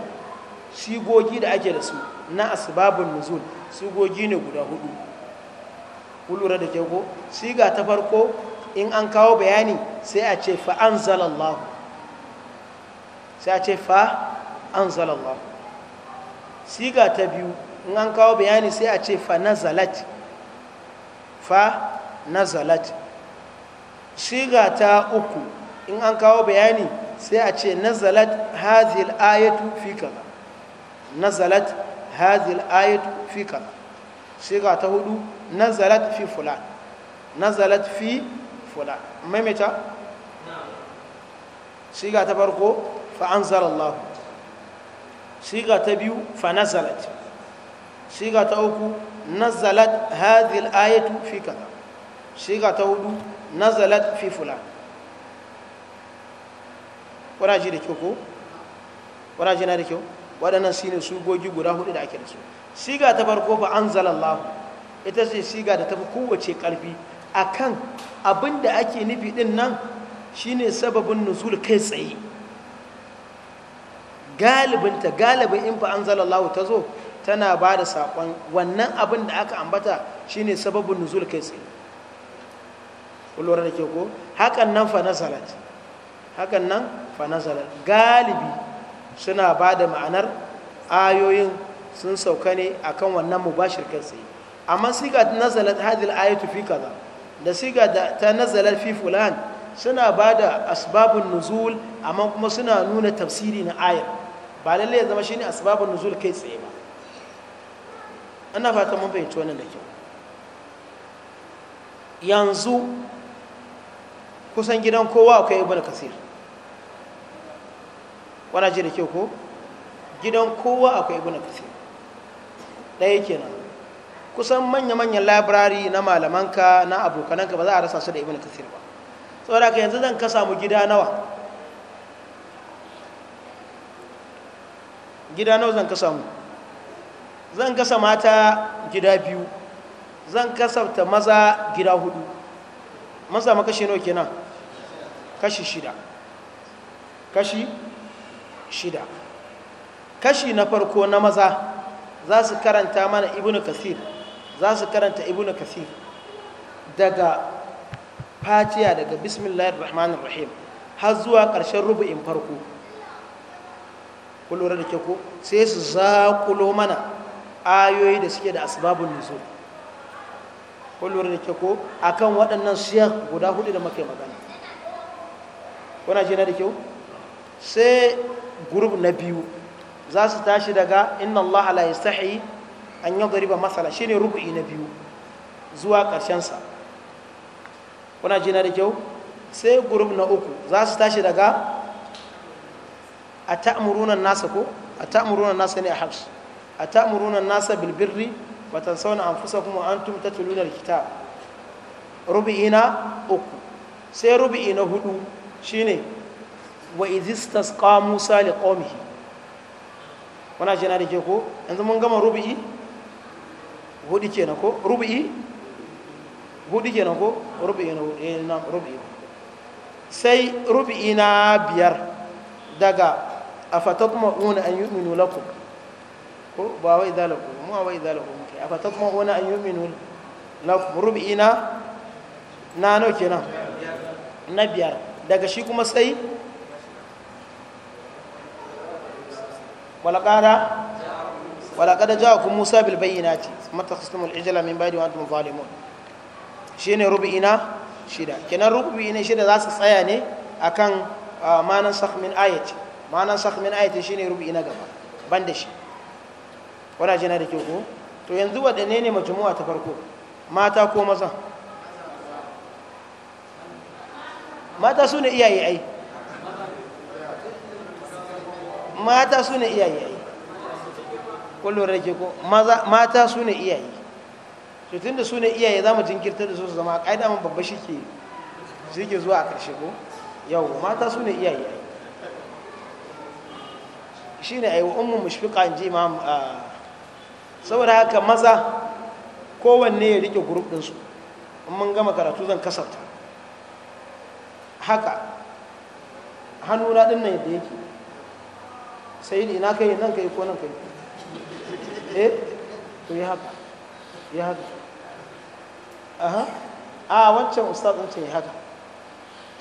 sigogi da ake da su na asibabin nuzul sigogi ne guda hudu kulura da ke ko siga ta farko in an kawo bayani sai a ce fa'anzalallahu sai a ce fa an zalallah siga ta biyu in an kawo bayani sai a ce fa nazalat fa nazalat siga ta uku in an kawo bayani sai a ce nazalat hazil ayatu fi kaza nazalat hazil ayatu fi kaza siga ta hudu nazalat fi fulan nazalat fi fulan maimaita siga ta farko fa anzala Allah siga ta biyu fa nazalat siga ta uku nazalat hadhihi ayatu fi kaza siga ta hudu nazalat fi fulan kuna da kyau ko kuna na da kyau waɗannan shine su gogi guda hudu da ake da su siga ta farko fa anzalallahu ita ce siga da tafi kowace karfi akan abin da ake nufi din nan shine sababin nuzul kai tsaye galibinta galibin in fa anzalallahu ta zo tana ba da saƙon wannan abin da aka ambata shine sababin nuzul kai tsaye kullum da ke ko hakan nan fa nazalat hakan nan fa nazalat galibi suna ba da ma'anar ayoyin sun sauka ne akan wannan mubashir kai tsaye amma siga nazalat hadil ayatu fi kaza da siga ta nazalat fi fulan suna ba da asbabun nuzul amma kuma suna nuna tafsiri na ayar ba lalle ya zama shi ne asibabin nuzul kai tsaye ba ana fata mun fahimci wannan da kyau yanzu kusan gidan kowa akwai ibn kasir wana ji da kyau ko gidan kowa akwai ibn kasir ɗaya kenan kusan manya-manyan labirari na malamanka na abokananka ba za a rasa su da ibn kasir ba saboda ka yanzu zan ka samu gida nawa gida nawa zan kasa mu zan kasa mata gida biyu zan kasafta maza gida hudu maza ma kashi nawa kenan kashi shida kashi shida kashi na farko na maza za su karanta mana ibnu kasir za su karanta ibnu kasir daga fatiya daga bismillahir rahmanir rahim har zuwa ƙarshen rubu'in farko Ku lura da kyau ko sai su zakulo mana ayoyi da suke da asbabun nuzul Ku lura da kyau ko akan waɗannan siyar guda hudu da muke magana kuna ji na da kyau sai gurub na biyu za su tashi daga inna allaha la yastahi an yadriba masala shine rubu'i na biyu zuwa ƙarshen sa kuna ji da kyau sai gurub na uku za su tashi daga a ta'muruna nasa ko a ta'muruna nasa ne a hafs a ta'muruna nasa bil birri wa tansawna anfusakum wa antum tatluna al kitab rubi'ina uku sai rubi'i na hudu shine wa idhistas qa musa li qaumihi wana jina da ke ko yanzu mun gama rubi'i hudu kenan ko rubi'i hudu kenan ko rubi'i na hudu na rubi'i sai rubi'i na biyar daga afatatma'una an yu'minu lakum ko ba wai zalaku mu wai zalaku muke afatatma'una an yu'minu lakum rub'ina na no kenan na biyar daga shi kuma sai walaqara walaqad ja'akum musa bil bayyinati matakhastumul ijla min ba'di wa antum zalimun shine rub'ina shida kenan rub'ina shida za su tsaya ne akan ah, manan sakh min ayati ma'anan sakh min ayatin shine rubu'i na gaba ban da shi wana jina da ke ku to yanzu waɗanne ne majmu'a ta farko mata ko maza mata su ne iyaye ai mata su ne iyaye ai kullum da ke ko mata su ne iyaye to tun da su ne iyaye za mu jinkirta da su su zama a mun babba shi ke zuwa a ƙarshe ko yau mata su ne iyaye ai shine ayi wa ummu mushfiqa in ji imam ah, saboda haka maza kowanne ya rike group din su in mun gama karatu zan kasarta haka hannuna din nan yadda yake sai ina kai nan kai ko nan kai eh to yi haka yi haka aha a ah, wancan ustaz wancan yi haka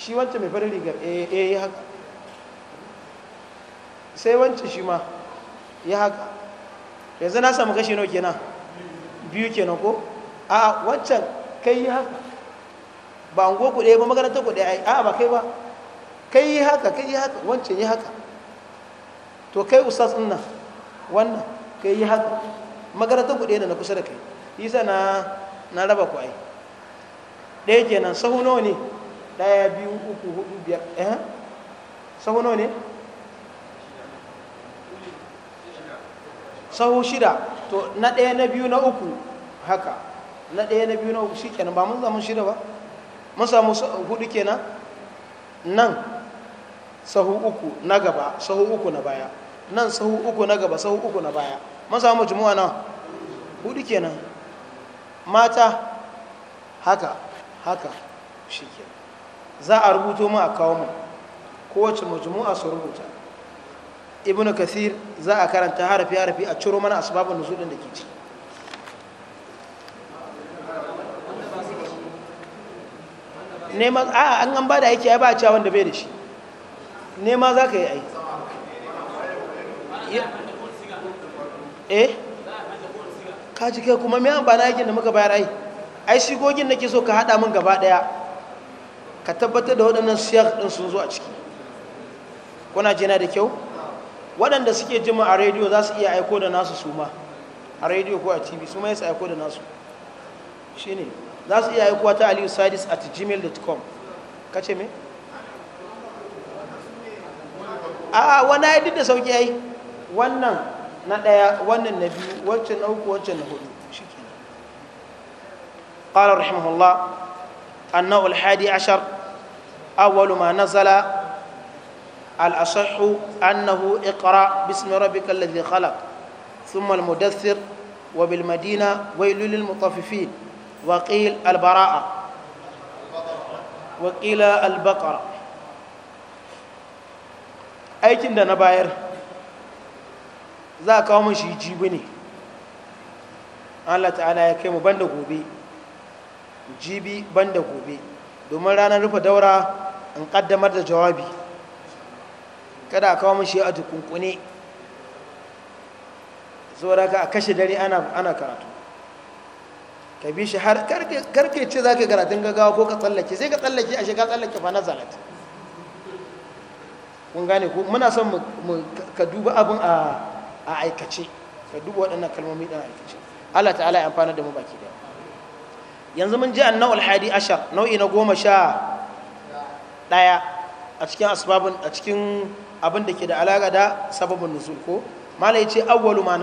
shi wancan mai farin rigar eh, eh yi haka sai wancan shi ma ya haka yanzu na samu kashi nau kenan biyu kenan ko a wancan kai yi haka ba an goku ɗaya ba makarantar ku ɗaya a ba kai ba kai yi haka kai yi haka wancan yi haka to kai usas nan wannan kai yi haka makarantar ku ɗaya na kusa da kai isa na na raba ku ai ɗaya kenan sahu nawa ne ɗaya biyu uku hudu biyar eh sahu nawa ne sahu shida to na ɗaya na biyu na uku haka na ɗaya na biyu na uku shikenan ba mun samu shida ba mun samu hudu kenan nan sahu uku na gaba sahu uku na baya nan sahu uku na gaba sahu uku na baya mun samu jumu'a na hudu kenan mata haka haka shikenan za a rubuto mu a kawo mu kowace majmu'a su rubuta ibn kathir za a karanta harafi harafi a ciro mana asibabin nuzul din da ke ci neman a an an da aiki ai ba a cewa wanda bai da shi nema za ka yi ai eh ka ji kai kuma me na aikin da muka bayar ai ai shigogin ke so ka hada min gaba daya ka tabbatar da waɗannan siyar din sun zo a ciki kuna jina da kyau waɗanda suke jima a rediyo za su iya aiko da nasu su ma a rediyo ko a tv su ma ya su aiko da nasu shi ne za su iya aiko ta aliyu sadis at gmail.com ka ce me? a wani ya duk da sauki ya yi wannan na ɗaya wannan na biyu wancan na uku wancan na hudu shi ke nan ƙalar rahimahullah annau alhadi ashar awwalu ma nazala الأصح أنه اقرأ باسم ربك الذي خلق ثم المدثر وبالمدينة ويل للمطففين وقيل البراءة وقيل البقرة aikin da na bayar za kawo mun shi jibi ne allah ta'ala ya kai mu banda gobe jibi banda gobe domin ranar rufe daura in ƙaddamar da jawabi kada a kawo mashi a tukunkune saboda ka a kashe dare ana karatu ka bi shi har karfe ce za ka karatun gaggawa ko ka tsallake sai ka tsallake a shiga tsallake fa na zalata kun gane ko muna son ka duba abin a aikace ka duba waɗannan kalmomi ɗan aikace Allah ta'ala ya amfana da mu baki da yanzu mun ji annau alhadi ashar nau'i na goma sha ɗaya a cikin asbabun a cikin abin da ke da alaƙa da sababin nusul ko mala ya ce awwalu ma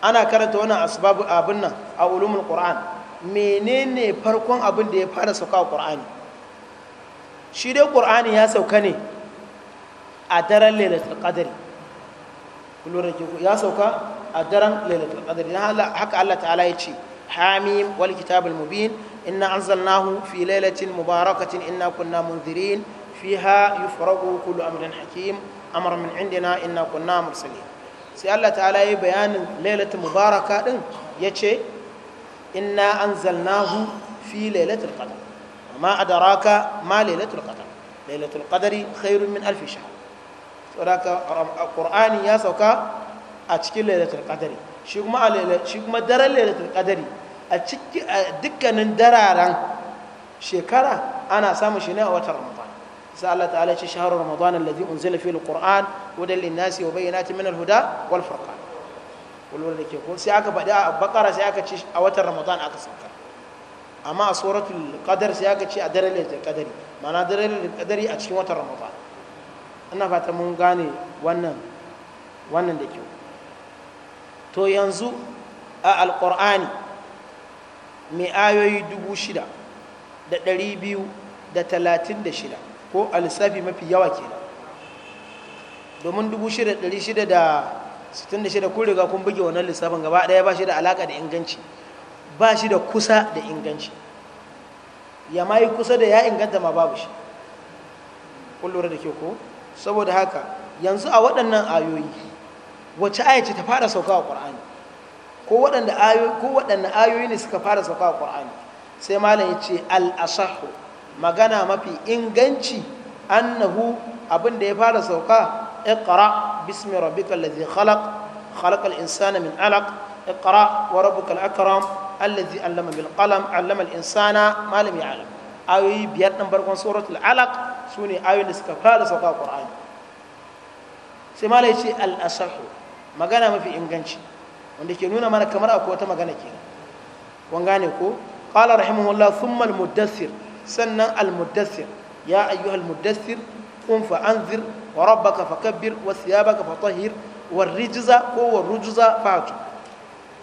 ana karanta wannan asbabu abin nan a ulumul qur'an menene farkon abin da ya fara sauka a qur'ani shi dai qur'ani ya sauka ne a daren lailatul qadri ya sauka a daren lailatul qadri haka Allah ta'ala ya ce hamim wal kitabul mubin inna anzalnahu fi lailatin mubarakatin inna kunna munzirin fiha yufragu kullu amrin hakim amr min indina inna kunna mursalin sai Allah ta'ala yi bayanin lailatul mubaraka din yace inna anzalnahu fi lailatul qadr ma adraka ma lailatul qadr lailatul qadri khairun min alf shahr saboda qur'ani ya sauka a cikin lailatul qadri shi kuma shi kuma daren shekara ana samun shi ne a watan sai Allah ta'ala ce shahar ramadan alladhi unzila fihi alquran hudan linnasi wa bayyinatin min alhuda wal furqan kullu da ko sai aka faɗi a bakara sai aka ce a watan ramadan aka sauka amma a suratul qadar sai aka ce a daren lailatul qadari ma'ana daren lailatul qadari a cikin watan ramadan ina fata mun gane wannan wannan da kyau to yanzu a alqur'ani mai ayoyi dubu shida da ɗari biyu da talatin da shida ko a lissafi mafi yawa ke domin 666 kun riga kun buge wannan lissafin gaba ɗaya ba shi da alaƙa da inganci ba shi da kusa da inganci ya ma yi kusa da ya inganta ma babu shi kun da ke ko saboda haka yanzu a waɗannan ayoyi wacce ayyace ta fara sauka a ƙwar'ani ko waɗanda ayoyi ne suka fara sauka a ƙwar'ani sai malam ya ce al-asahu magana mafi inganci annahu abin da ya fara sauka iqra bismi rabbikal ladhi khalaq khalaqal insana min alaq iqra wa rabbukal akram alladhi allama bil qalam allama al insana ma lam ya'lam ayoyi biyar din barkon suratul alaq sune ayoyin da suka fara sauka qur'ani sai malai ce al asahu magana mafi inganci wanda ke nuna mana kamar akwai wata magana kenan kun gane ko qala rahimahullah thumma al mudaththir sannan al-muddathir ya ayyuhal muddathir qum fa anzir wa rabbaka fakabbir wa thiyabaka fatahhir wa rijza ko wa rujza fatu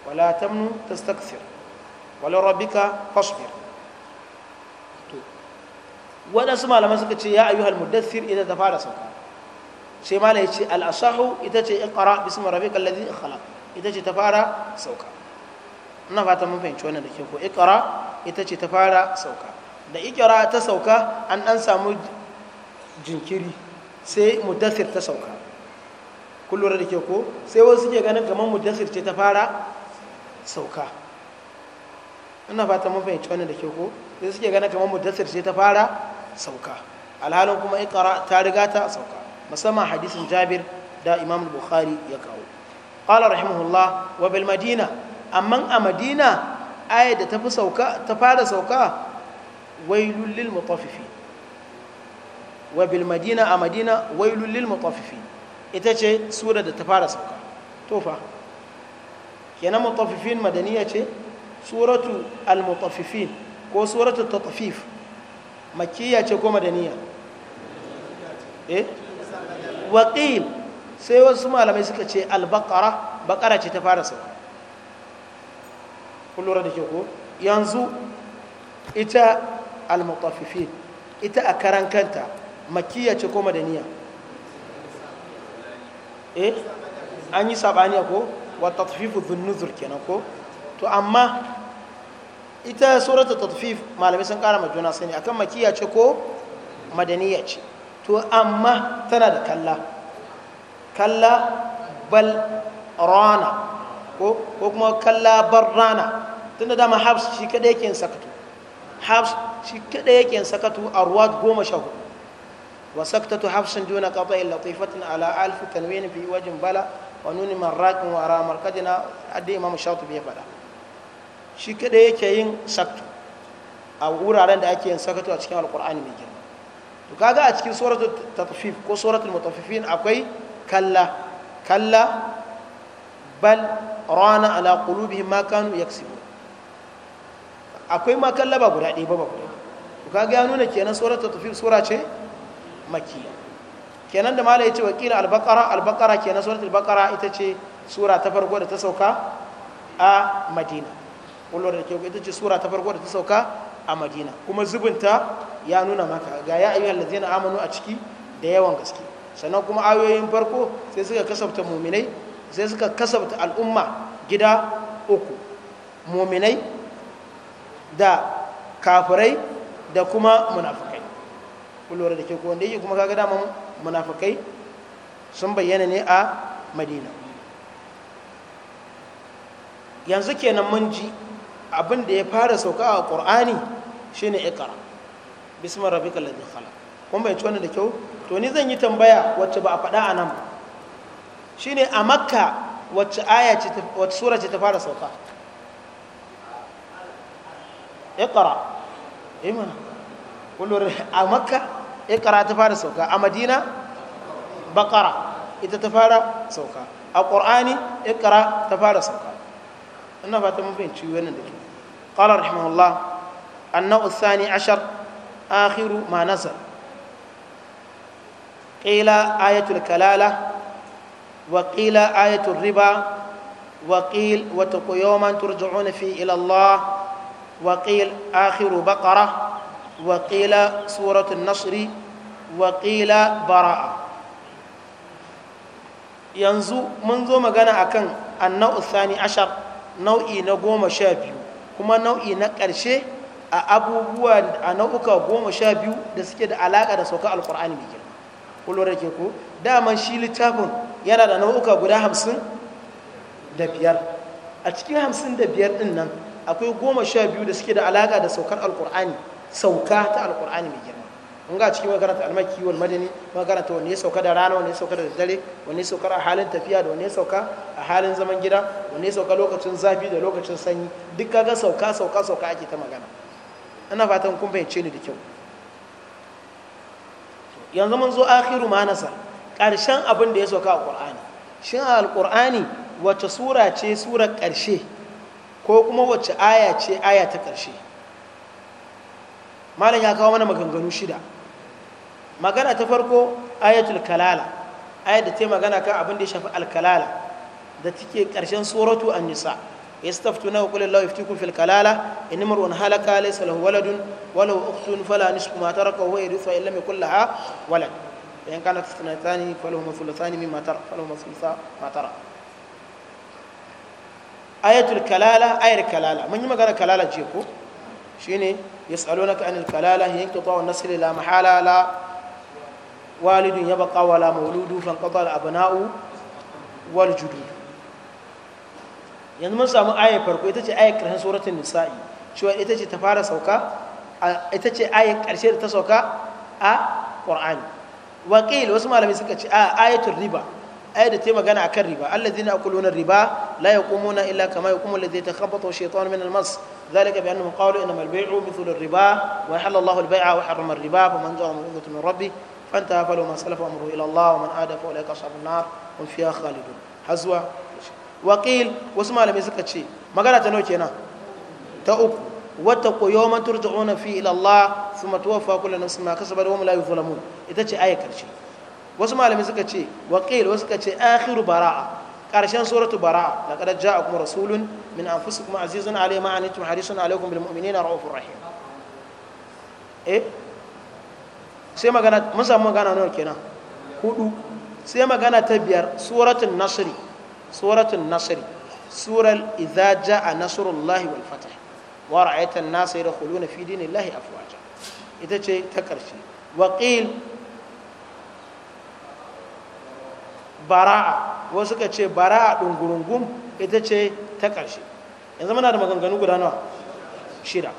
wala tamnu tastakthir wala rabbika fasbir waɗansu malaman suka ce ya ayyuhal muddathir idan ta fara sauka sai malai ya ce al-asahu ita ce iqra bismi rabbikal ladhi khalaq ita ce ta fara sauka ina fata mun fahimci wannan da ke ko iqra ita ce ta fara sauka da ikira ta sauka an ɗan samu jinkiri sai mudassir ta sauka kullum da ke ko sai wasu suke ganin kamar mudassir ce ta fara sauka ina fata mun fahimci wannan da ke ko sai suke ganin kamar mudassir ce ta fara sauka alhalin kuma ikira ta riga ta sauka musamman hadisin jabir da imam bukhari ya kawo qala rahimahullah wa bil madina amma a madina ayat da ta fi sauka ta fara sauka wailul lil mutaffifi wa madina a madina wailul lil mutaffifi ita ce sura da ta fara sauka to fa kenan madaniya ce suratu al mutaffifin ko suratu tatafif makkiya ce ko madaniya eh sai wasu malamai suka ce al-baqara ce ta fara sauka da ke ko yanzu ita al ita a karan kanta makiyya ce ko madaniya eh an yi sabaniya ko wa tatfifu dhun-nuzur kenan ko to amma ita surata tatfif malamai sun kara majuna sani akan makiyya ce ko madaniya ce to amma tana da kalla kalla bal rana ko kuma kalla bar rana tunda dama habs shi kadai yake sakatu hafs shi kada yake sakatu arwat goma sha hudu wa saktatu hafsin duna qata'in latifatin ala alfi tanwin fi wajin bala wa nuni marrakin wa ara markadina adda imam shatibi ya faɗa shi kada yake yin saktu a wuraren da ake yin sakatu a cikin alqur'ani mai girma to kaga a cikin suratul tatfif ko suratul mutaffifin akwai kalla kalla bal rana ala qulubihim ma akwai ma ba guda ɗaya ba ba guda to ka ya nuna kenan suratul tafi sura ce makiya kenan da malai yace wakila al albakara kenan suratul albakara ita ce sura ta farko da ta sauka a madina Kullum da ke ita ce sura ta farko da ta sauka a madina kuma zubinta ya nuna maka ga ya ayyuhal ladzina amanu a ciki da yawan gaske sannan kuma ayoyin farko sai suka kasabta muminai sai suka kasabta al'umma gida uku muminai da kafirai da kuma munafikai kullum da ke ko wanda yake kuma kaga dama munafikai sun bayyana ne a madina yanzu kenan mun ji abin da ya fara sauka a shi shine ikara bismar Rabi ladhi khala kun bai wannan da kyau to ni zan yi tambaya wacce ba a faɗa a nan ne a makka wacce aya ce wacce sura ce ta fara sauka اقرا ايمان كل آه، مكه اقرا تفار سوكا امدينه آه، بقره اذا تفار سوكا القران آه، اقرا تفار سوكا ان فاتم بين شي وين قال رحمه الله النوع الثاني عشر اخر ما نزل قيل آية الكلالة وقيل آية الربا وقيل وتقوا يوما ترجعون فيه إلى الله وقيل آخر بقرة وقيل سورة النصر وقيل براءة yanzu mun zo magana akan annau thani ashar nau'i na goma sha biyu kuma nau'i na ƙarshe a abubuwa a nau'uka goma sha biyu da suke da alaƙa da sauka alƙur'ani mai girma kullum da ke ko daman shi littafin yana da nau'uka guda hamsin da biyar a cikin hamsin da biyar ɗin nan akwai goma sha biyu da suke da alaka da saukar alkur'ani sauka ta alkur'ani mai girma in ga cikin makaranta almaki wal madani karanta wani ya sauka da rana wani ya sauka da dare wani ya sauka a halin tafiya da wani ya sauka a halin zaman gida wani ya sauka lokacin zafi da lokacin sanyi duk kaga sauka sauka sauka ake ta magana ana fatan kun fahimce ni da kyau yanzu mun zo akhiru manasa karshen abin da ya sauka a qur'ani shin alkur'ani wace sura ce surar karshe ko kuma wacce aya ce aya ta ƙarshe malam ya kawo mana maganganu shida magana ta farko ayatul kalala ayat da ta yi magana kan abin da ya shafi alkalala da take ƙarshen tsoratu an nisa ya staftu na hukulin lawa iftikun fil in nimar wani halaka lai salahu waladun walahu uksun fala nisku mata raka wa iri fa illa mai kulla ha walad yan kana tsanatani falahu masulatani mai mata falahu masulatani mata raka ayatul kalala ayar kalala mun yi magana kalala ce ko shine yas'alunaka anil kalala yanqata wa nasl la mahala la walidun yabqa wa la mawludu fanqata al abna'u wal judud yanzu mun samu ayar farko ita ce ayar karshen suratul nisa'i cewa ita ce ta fara sauka ita ce ayar karshe da ta sauka a qur'ani waqil wasu malamai suka ce a ayatul riba ايه تي ما كان akan riba alladhina yaquluna riba la yaqumuna illa kama yaqumu alladhi takhabbathu shaytanu min ذلك بأنهم قالوا إنما البيع مثل الربا وحل الله البيع وحرم الربا فمن جاءه موعظة من ربه فانت فلو ما سلف أمره إلى الله ومن عاد فأولئك أصحاب النار هم فيها خالدون هزوا وقيل واسمع لم يسكتشي ما قالت نوكينا تأوك واتقوا يوما ترجعون فيه إلى الله ثم توفى كل نفس ما كسبت وهم لا يظلمون إذا آية كرشي wasu malamai suka ce waƙil wasu suka ce akhiru bara'a ƙarshen suratu bara'a laqad kuma rasulun min anfusikum azizun alayhi ma antum harisun alaykum bil mu'minina raufur rahim eh sai magana mun samu magana nawa kenan hudu sai magana ta biyar suratul nasri suratul nasri sural idza ja'a nasrullahi wal fath wa ra'aita an-nasa yadkhuluna fi dinillahi afwaja ita ce ta karshe waqil bara'a wasu suka ce bara'a ɗungurungun ita ce ta ƙarshe yanzu muna da maganganu guda nawa shida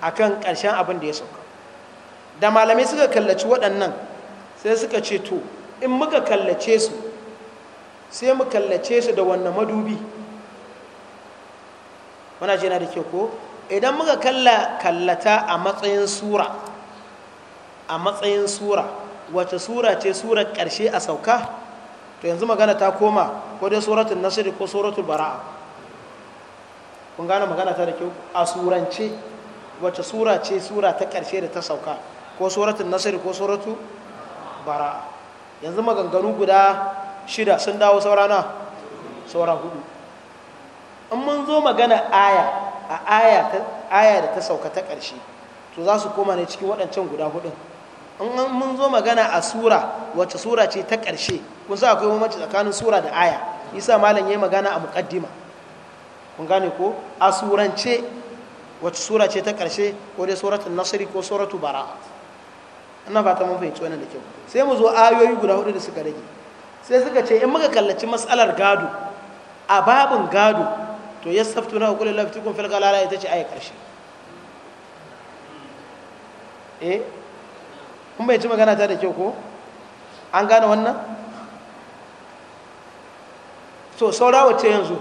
a kan ƙarshen abin da ya sauka da malamai suka kallaci waɗannan sai suka ce to in muka kallace su sai mu kallace su da wannan madubi muna ce na da ke ko idan muka kallata a matsayin sura a matsayin sura wace sura ce sura ƙarshe a sauka to yanzu magana ta koma ko dai suratul nasr ko suratul bara'a kun gane magana ta da kyau a surance wacce sura ce sura ta ƙarshe da ta sauka ko suratul nasr ko suratul bara'a yanzu maganganu guda shida sun dawo saurana saura hudu in mun zo magana aya a aya da ta sauka ta ƙarshe to za su koma ne cikin waɗancan guda hudun in mun zo magana a sura wacce sura ce ta ƙarshe kun sa akwai mamaci tsakanin sura da aya isa malam yi magana a muqaddima kun gane ko a surance wacce sura ce ta ƙarshe ko dai suratul nasr ko suratul bara'a ina fata mun fahimci wannan da kyau sai mu zo ayoyi guda hudu da suka rage sai suka ce in muka kallaci matsalar gado a babin gado to na hukulun laftikum fil qalala ita ce aya ƙarshe eh kun bai ci magana ta da kyau ko an gane wannan to saura wacce yanzu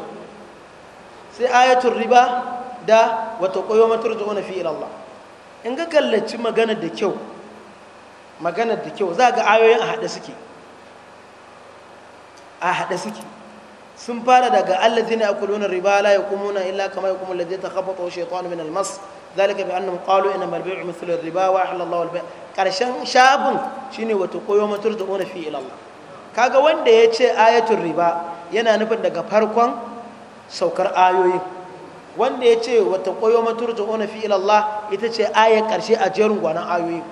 sai ayatul riba da wata koyo matur da wani fi'il Allah in ga kallaci maganar da kyau maganar da kyau za ga ayoyin a haɗe suke a haɗe suke sun fara daga allazina yaquluna riba la yaqumuna illa kama yaqumu alladhi ta shaytanu min al-mas ذلك بأنهم قالوا إنما البيع مثل الربا وأحل الله البيع كرشان شاب شيني وتقو يوم ترجعون إلى الله wanda ya ce ayatul riba yana nufin daga farkon saukar ayoyin wanda ya ce wata koyo maturjuuna fi ilallah ita ce ayar karshe a jerin gwanan ayoyin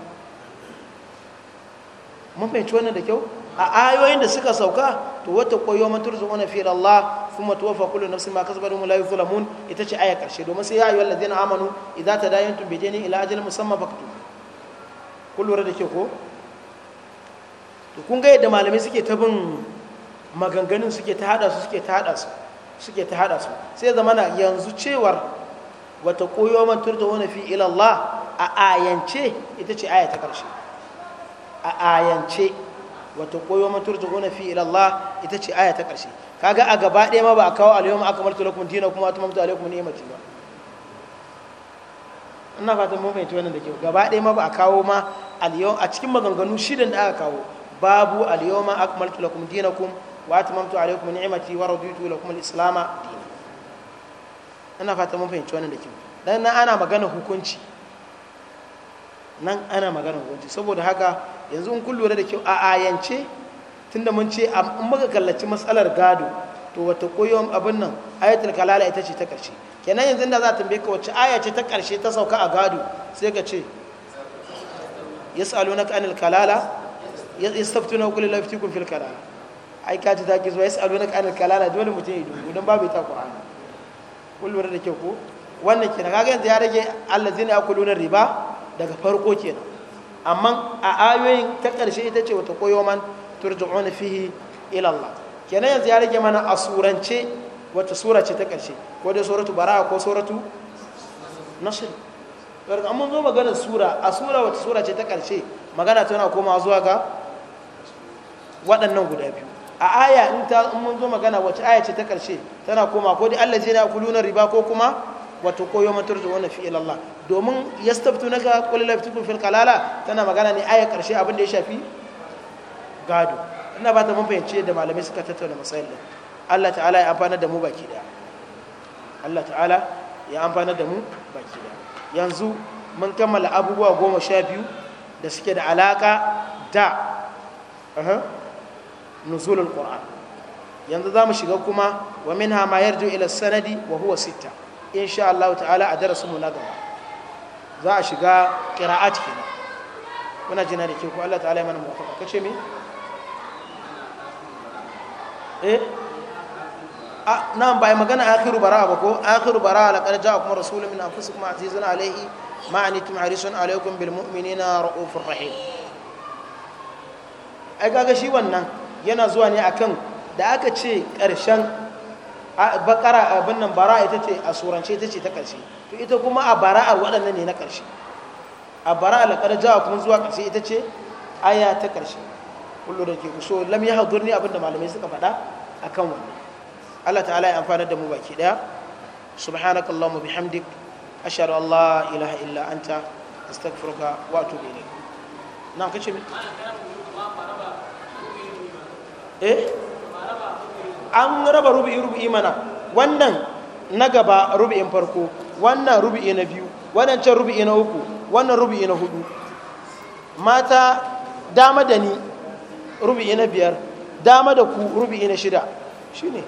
da kyau a ayoyin da suka sauka to wata koyo man turzuquna fi Allah thumma kullum kullu nafsin ma kasabat wa la yuzlamun ita ce aya karshe domin sai ya ayyuhal na amanu idza tadayantum bi daynin ila ajalin musamma faktu kun lura da ke ko to kun ga yadda malamai suke ta bin maganganun suke ta hada su suke ta hada su suke ta hada su sai zamana yanzu cewar wata koyo man turzuquna fi ila Allah a ayance ita ce aya ta karshe a ayance wato koyo ta gona fi ila Allah ita ce aya ta karshe kaga a gaba ɗaya ma ba a kawo al-yawma akmaltu lakum dinakum wa atmamtu alaykum ni'mati ba ina fatan mun fahimci wannan da kyau gaba ɗaya ma ba a kawo ma al a cikin maganganu shidan da aka kawo babu al-yawma akmaltu lakum dinakum wa atmamtu alaykum ni'mati wa raditu lakum al dinan ina fatan mun fahimci wannan da kyau dan nan ana magana hukunci nan ana magana hukunci saboda haka yanzu in kun lura da kyau a ayance tunda mun ce in muka kallaci matsalar gado to wata koyon abin nan ayatul kalala ita ce ta karshe kenan yanzu da za ta tambaye ka wacce aya ce ta karshe ta sauka a gado sai ka ce yas'alunaka anil kalala yastaftunaka qul la yuftikum fil kalala ai ka ji zaki zuwa yas'alunaka anil kalala dole mutum ya dubu dan babu ita qur'ani kullu da kyau ko wannan kenan kaga yanzu ya rage allazina yakuluna riba daga farko kenan amma a ayoyin ta ƙarshe ita ce wata koyo man turju'una fihi ila Allah kenan yanzu ya rage mana a surance wata sura ce ta ƙarshe ko dai suratu bara ko suratu nasr daga amma zo magana sura a sura wata sura ce ta ƙarshe magana tana komawa zuwa ga waɗannan guda biyu a aya in ta mun zo magana wace aya ce ta ƙarshe tana koma ko dai Allah jina kuluna riba ko kuma wato ko yawma turja'una fi ila Allah domin yastaftunaka qul la yaftukum fil qalala tana magana ne aya karshe abin da ya shafi gado ina ba ta mun fahimci da malamai suka tattauna matsayin da Allah ta'ala ya amfana da mu baki daya Allah ta'ala ya amfana da mu baki daya yanzu mun kammala abubuwa goma sha biyu da suke da alaka da nuzulul qur'an yanzu za mu shiga kuma wa minha ma yarju ila sanadi wa huwa sitta insha Allah ta'ala a darasinmu na gaba za a shiga qira'at kenan muna jina da ke ku Allah ta'ala ya mana muwafaqa kace me eh a ah, nan bai magana akhiru bara ba ko akhiru bara laqad kuma rasulun min kuma anfusikum azizun alayhi ma tun harisun alaykum bil mu'minina ra'ufur rahim ai kaga shi wannan yana zuwa ne akan da aka ce ƙarshen bakara abin nan bara ita ce a surance ita ce ta ƙarshe to ita kuma a bara'ar waɗannan ne na ƙarshe a bara'ar laƙar jawa kuma zuwa ƙarshe ita ce aya ta ƙarshe kullu da ke so lam ya hadurni abin da malamai suka faɗa kan wannan Allah ta'ala ya amfana da mu baki ɗaya mu bihamdik ashhadu an la ilaha illa anta astaghfiruka wa atubu ilayk na kace me eh an raba rubi rubu'i mana wannan na gaba rubu'in farko wannan rubu'i na biyu wannan can rubu'i na uku wannan rubu'i na hudu mata dama da ni rubu'i na biyar dama da ku rubu'i na shida ne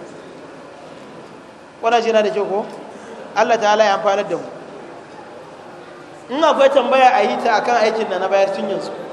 kwanaji na da kyau ko Allah ta ya amfanar da mu ina akwai tambaya a yi ta akan aikin da na bayar tun yanzu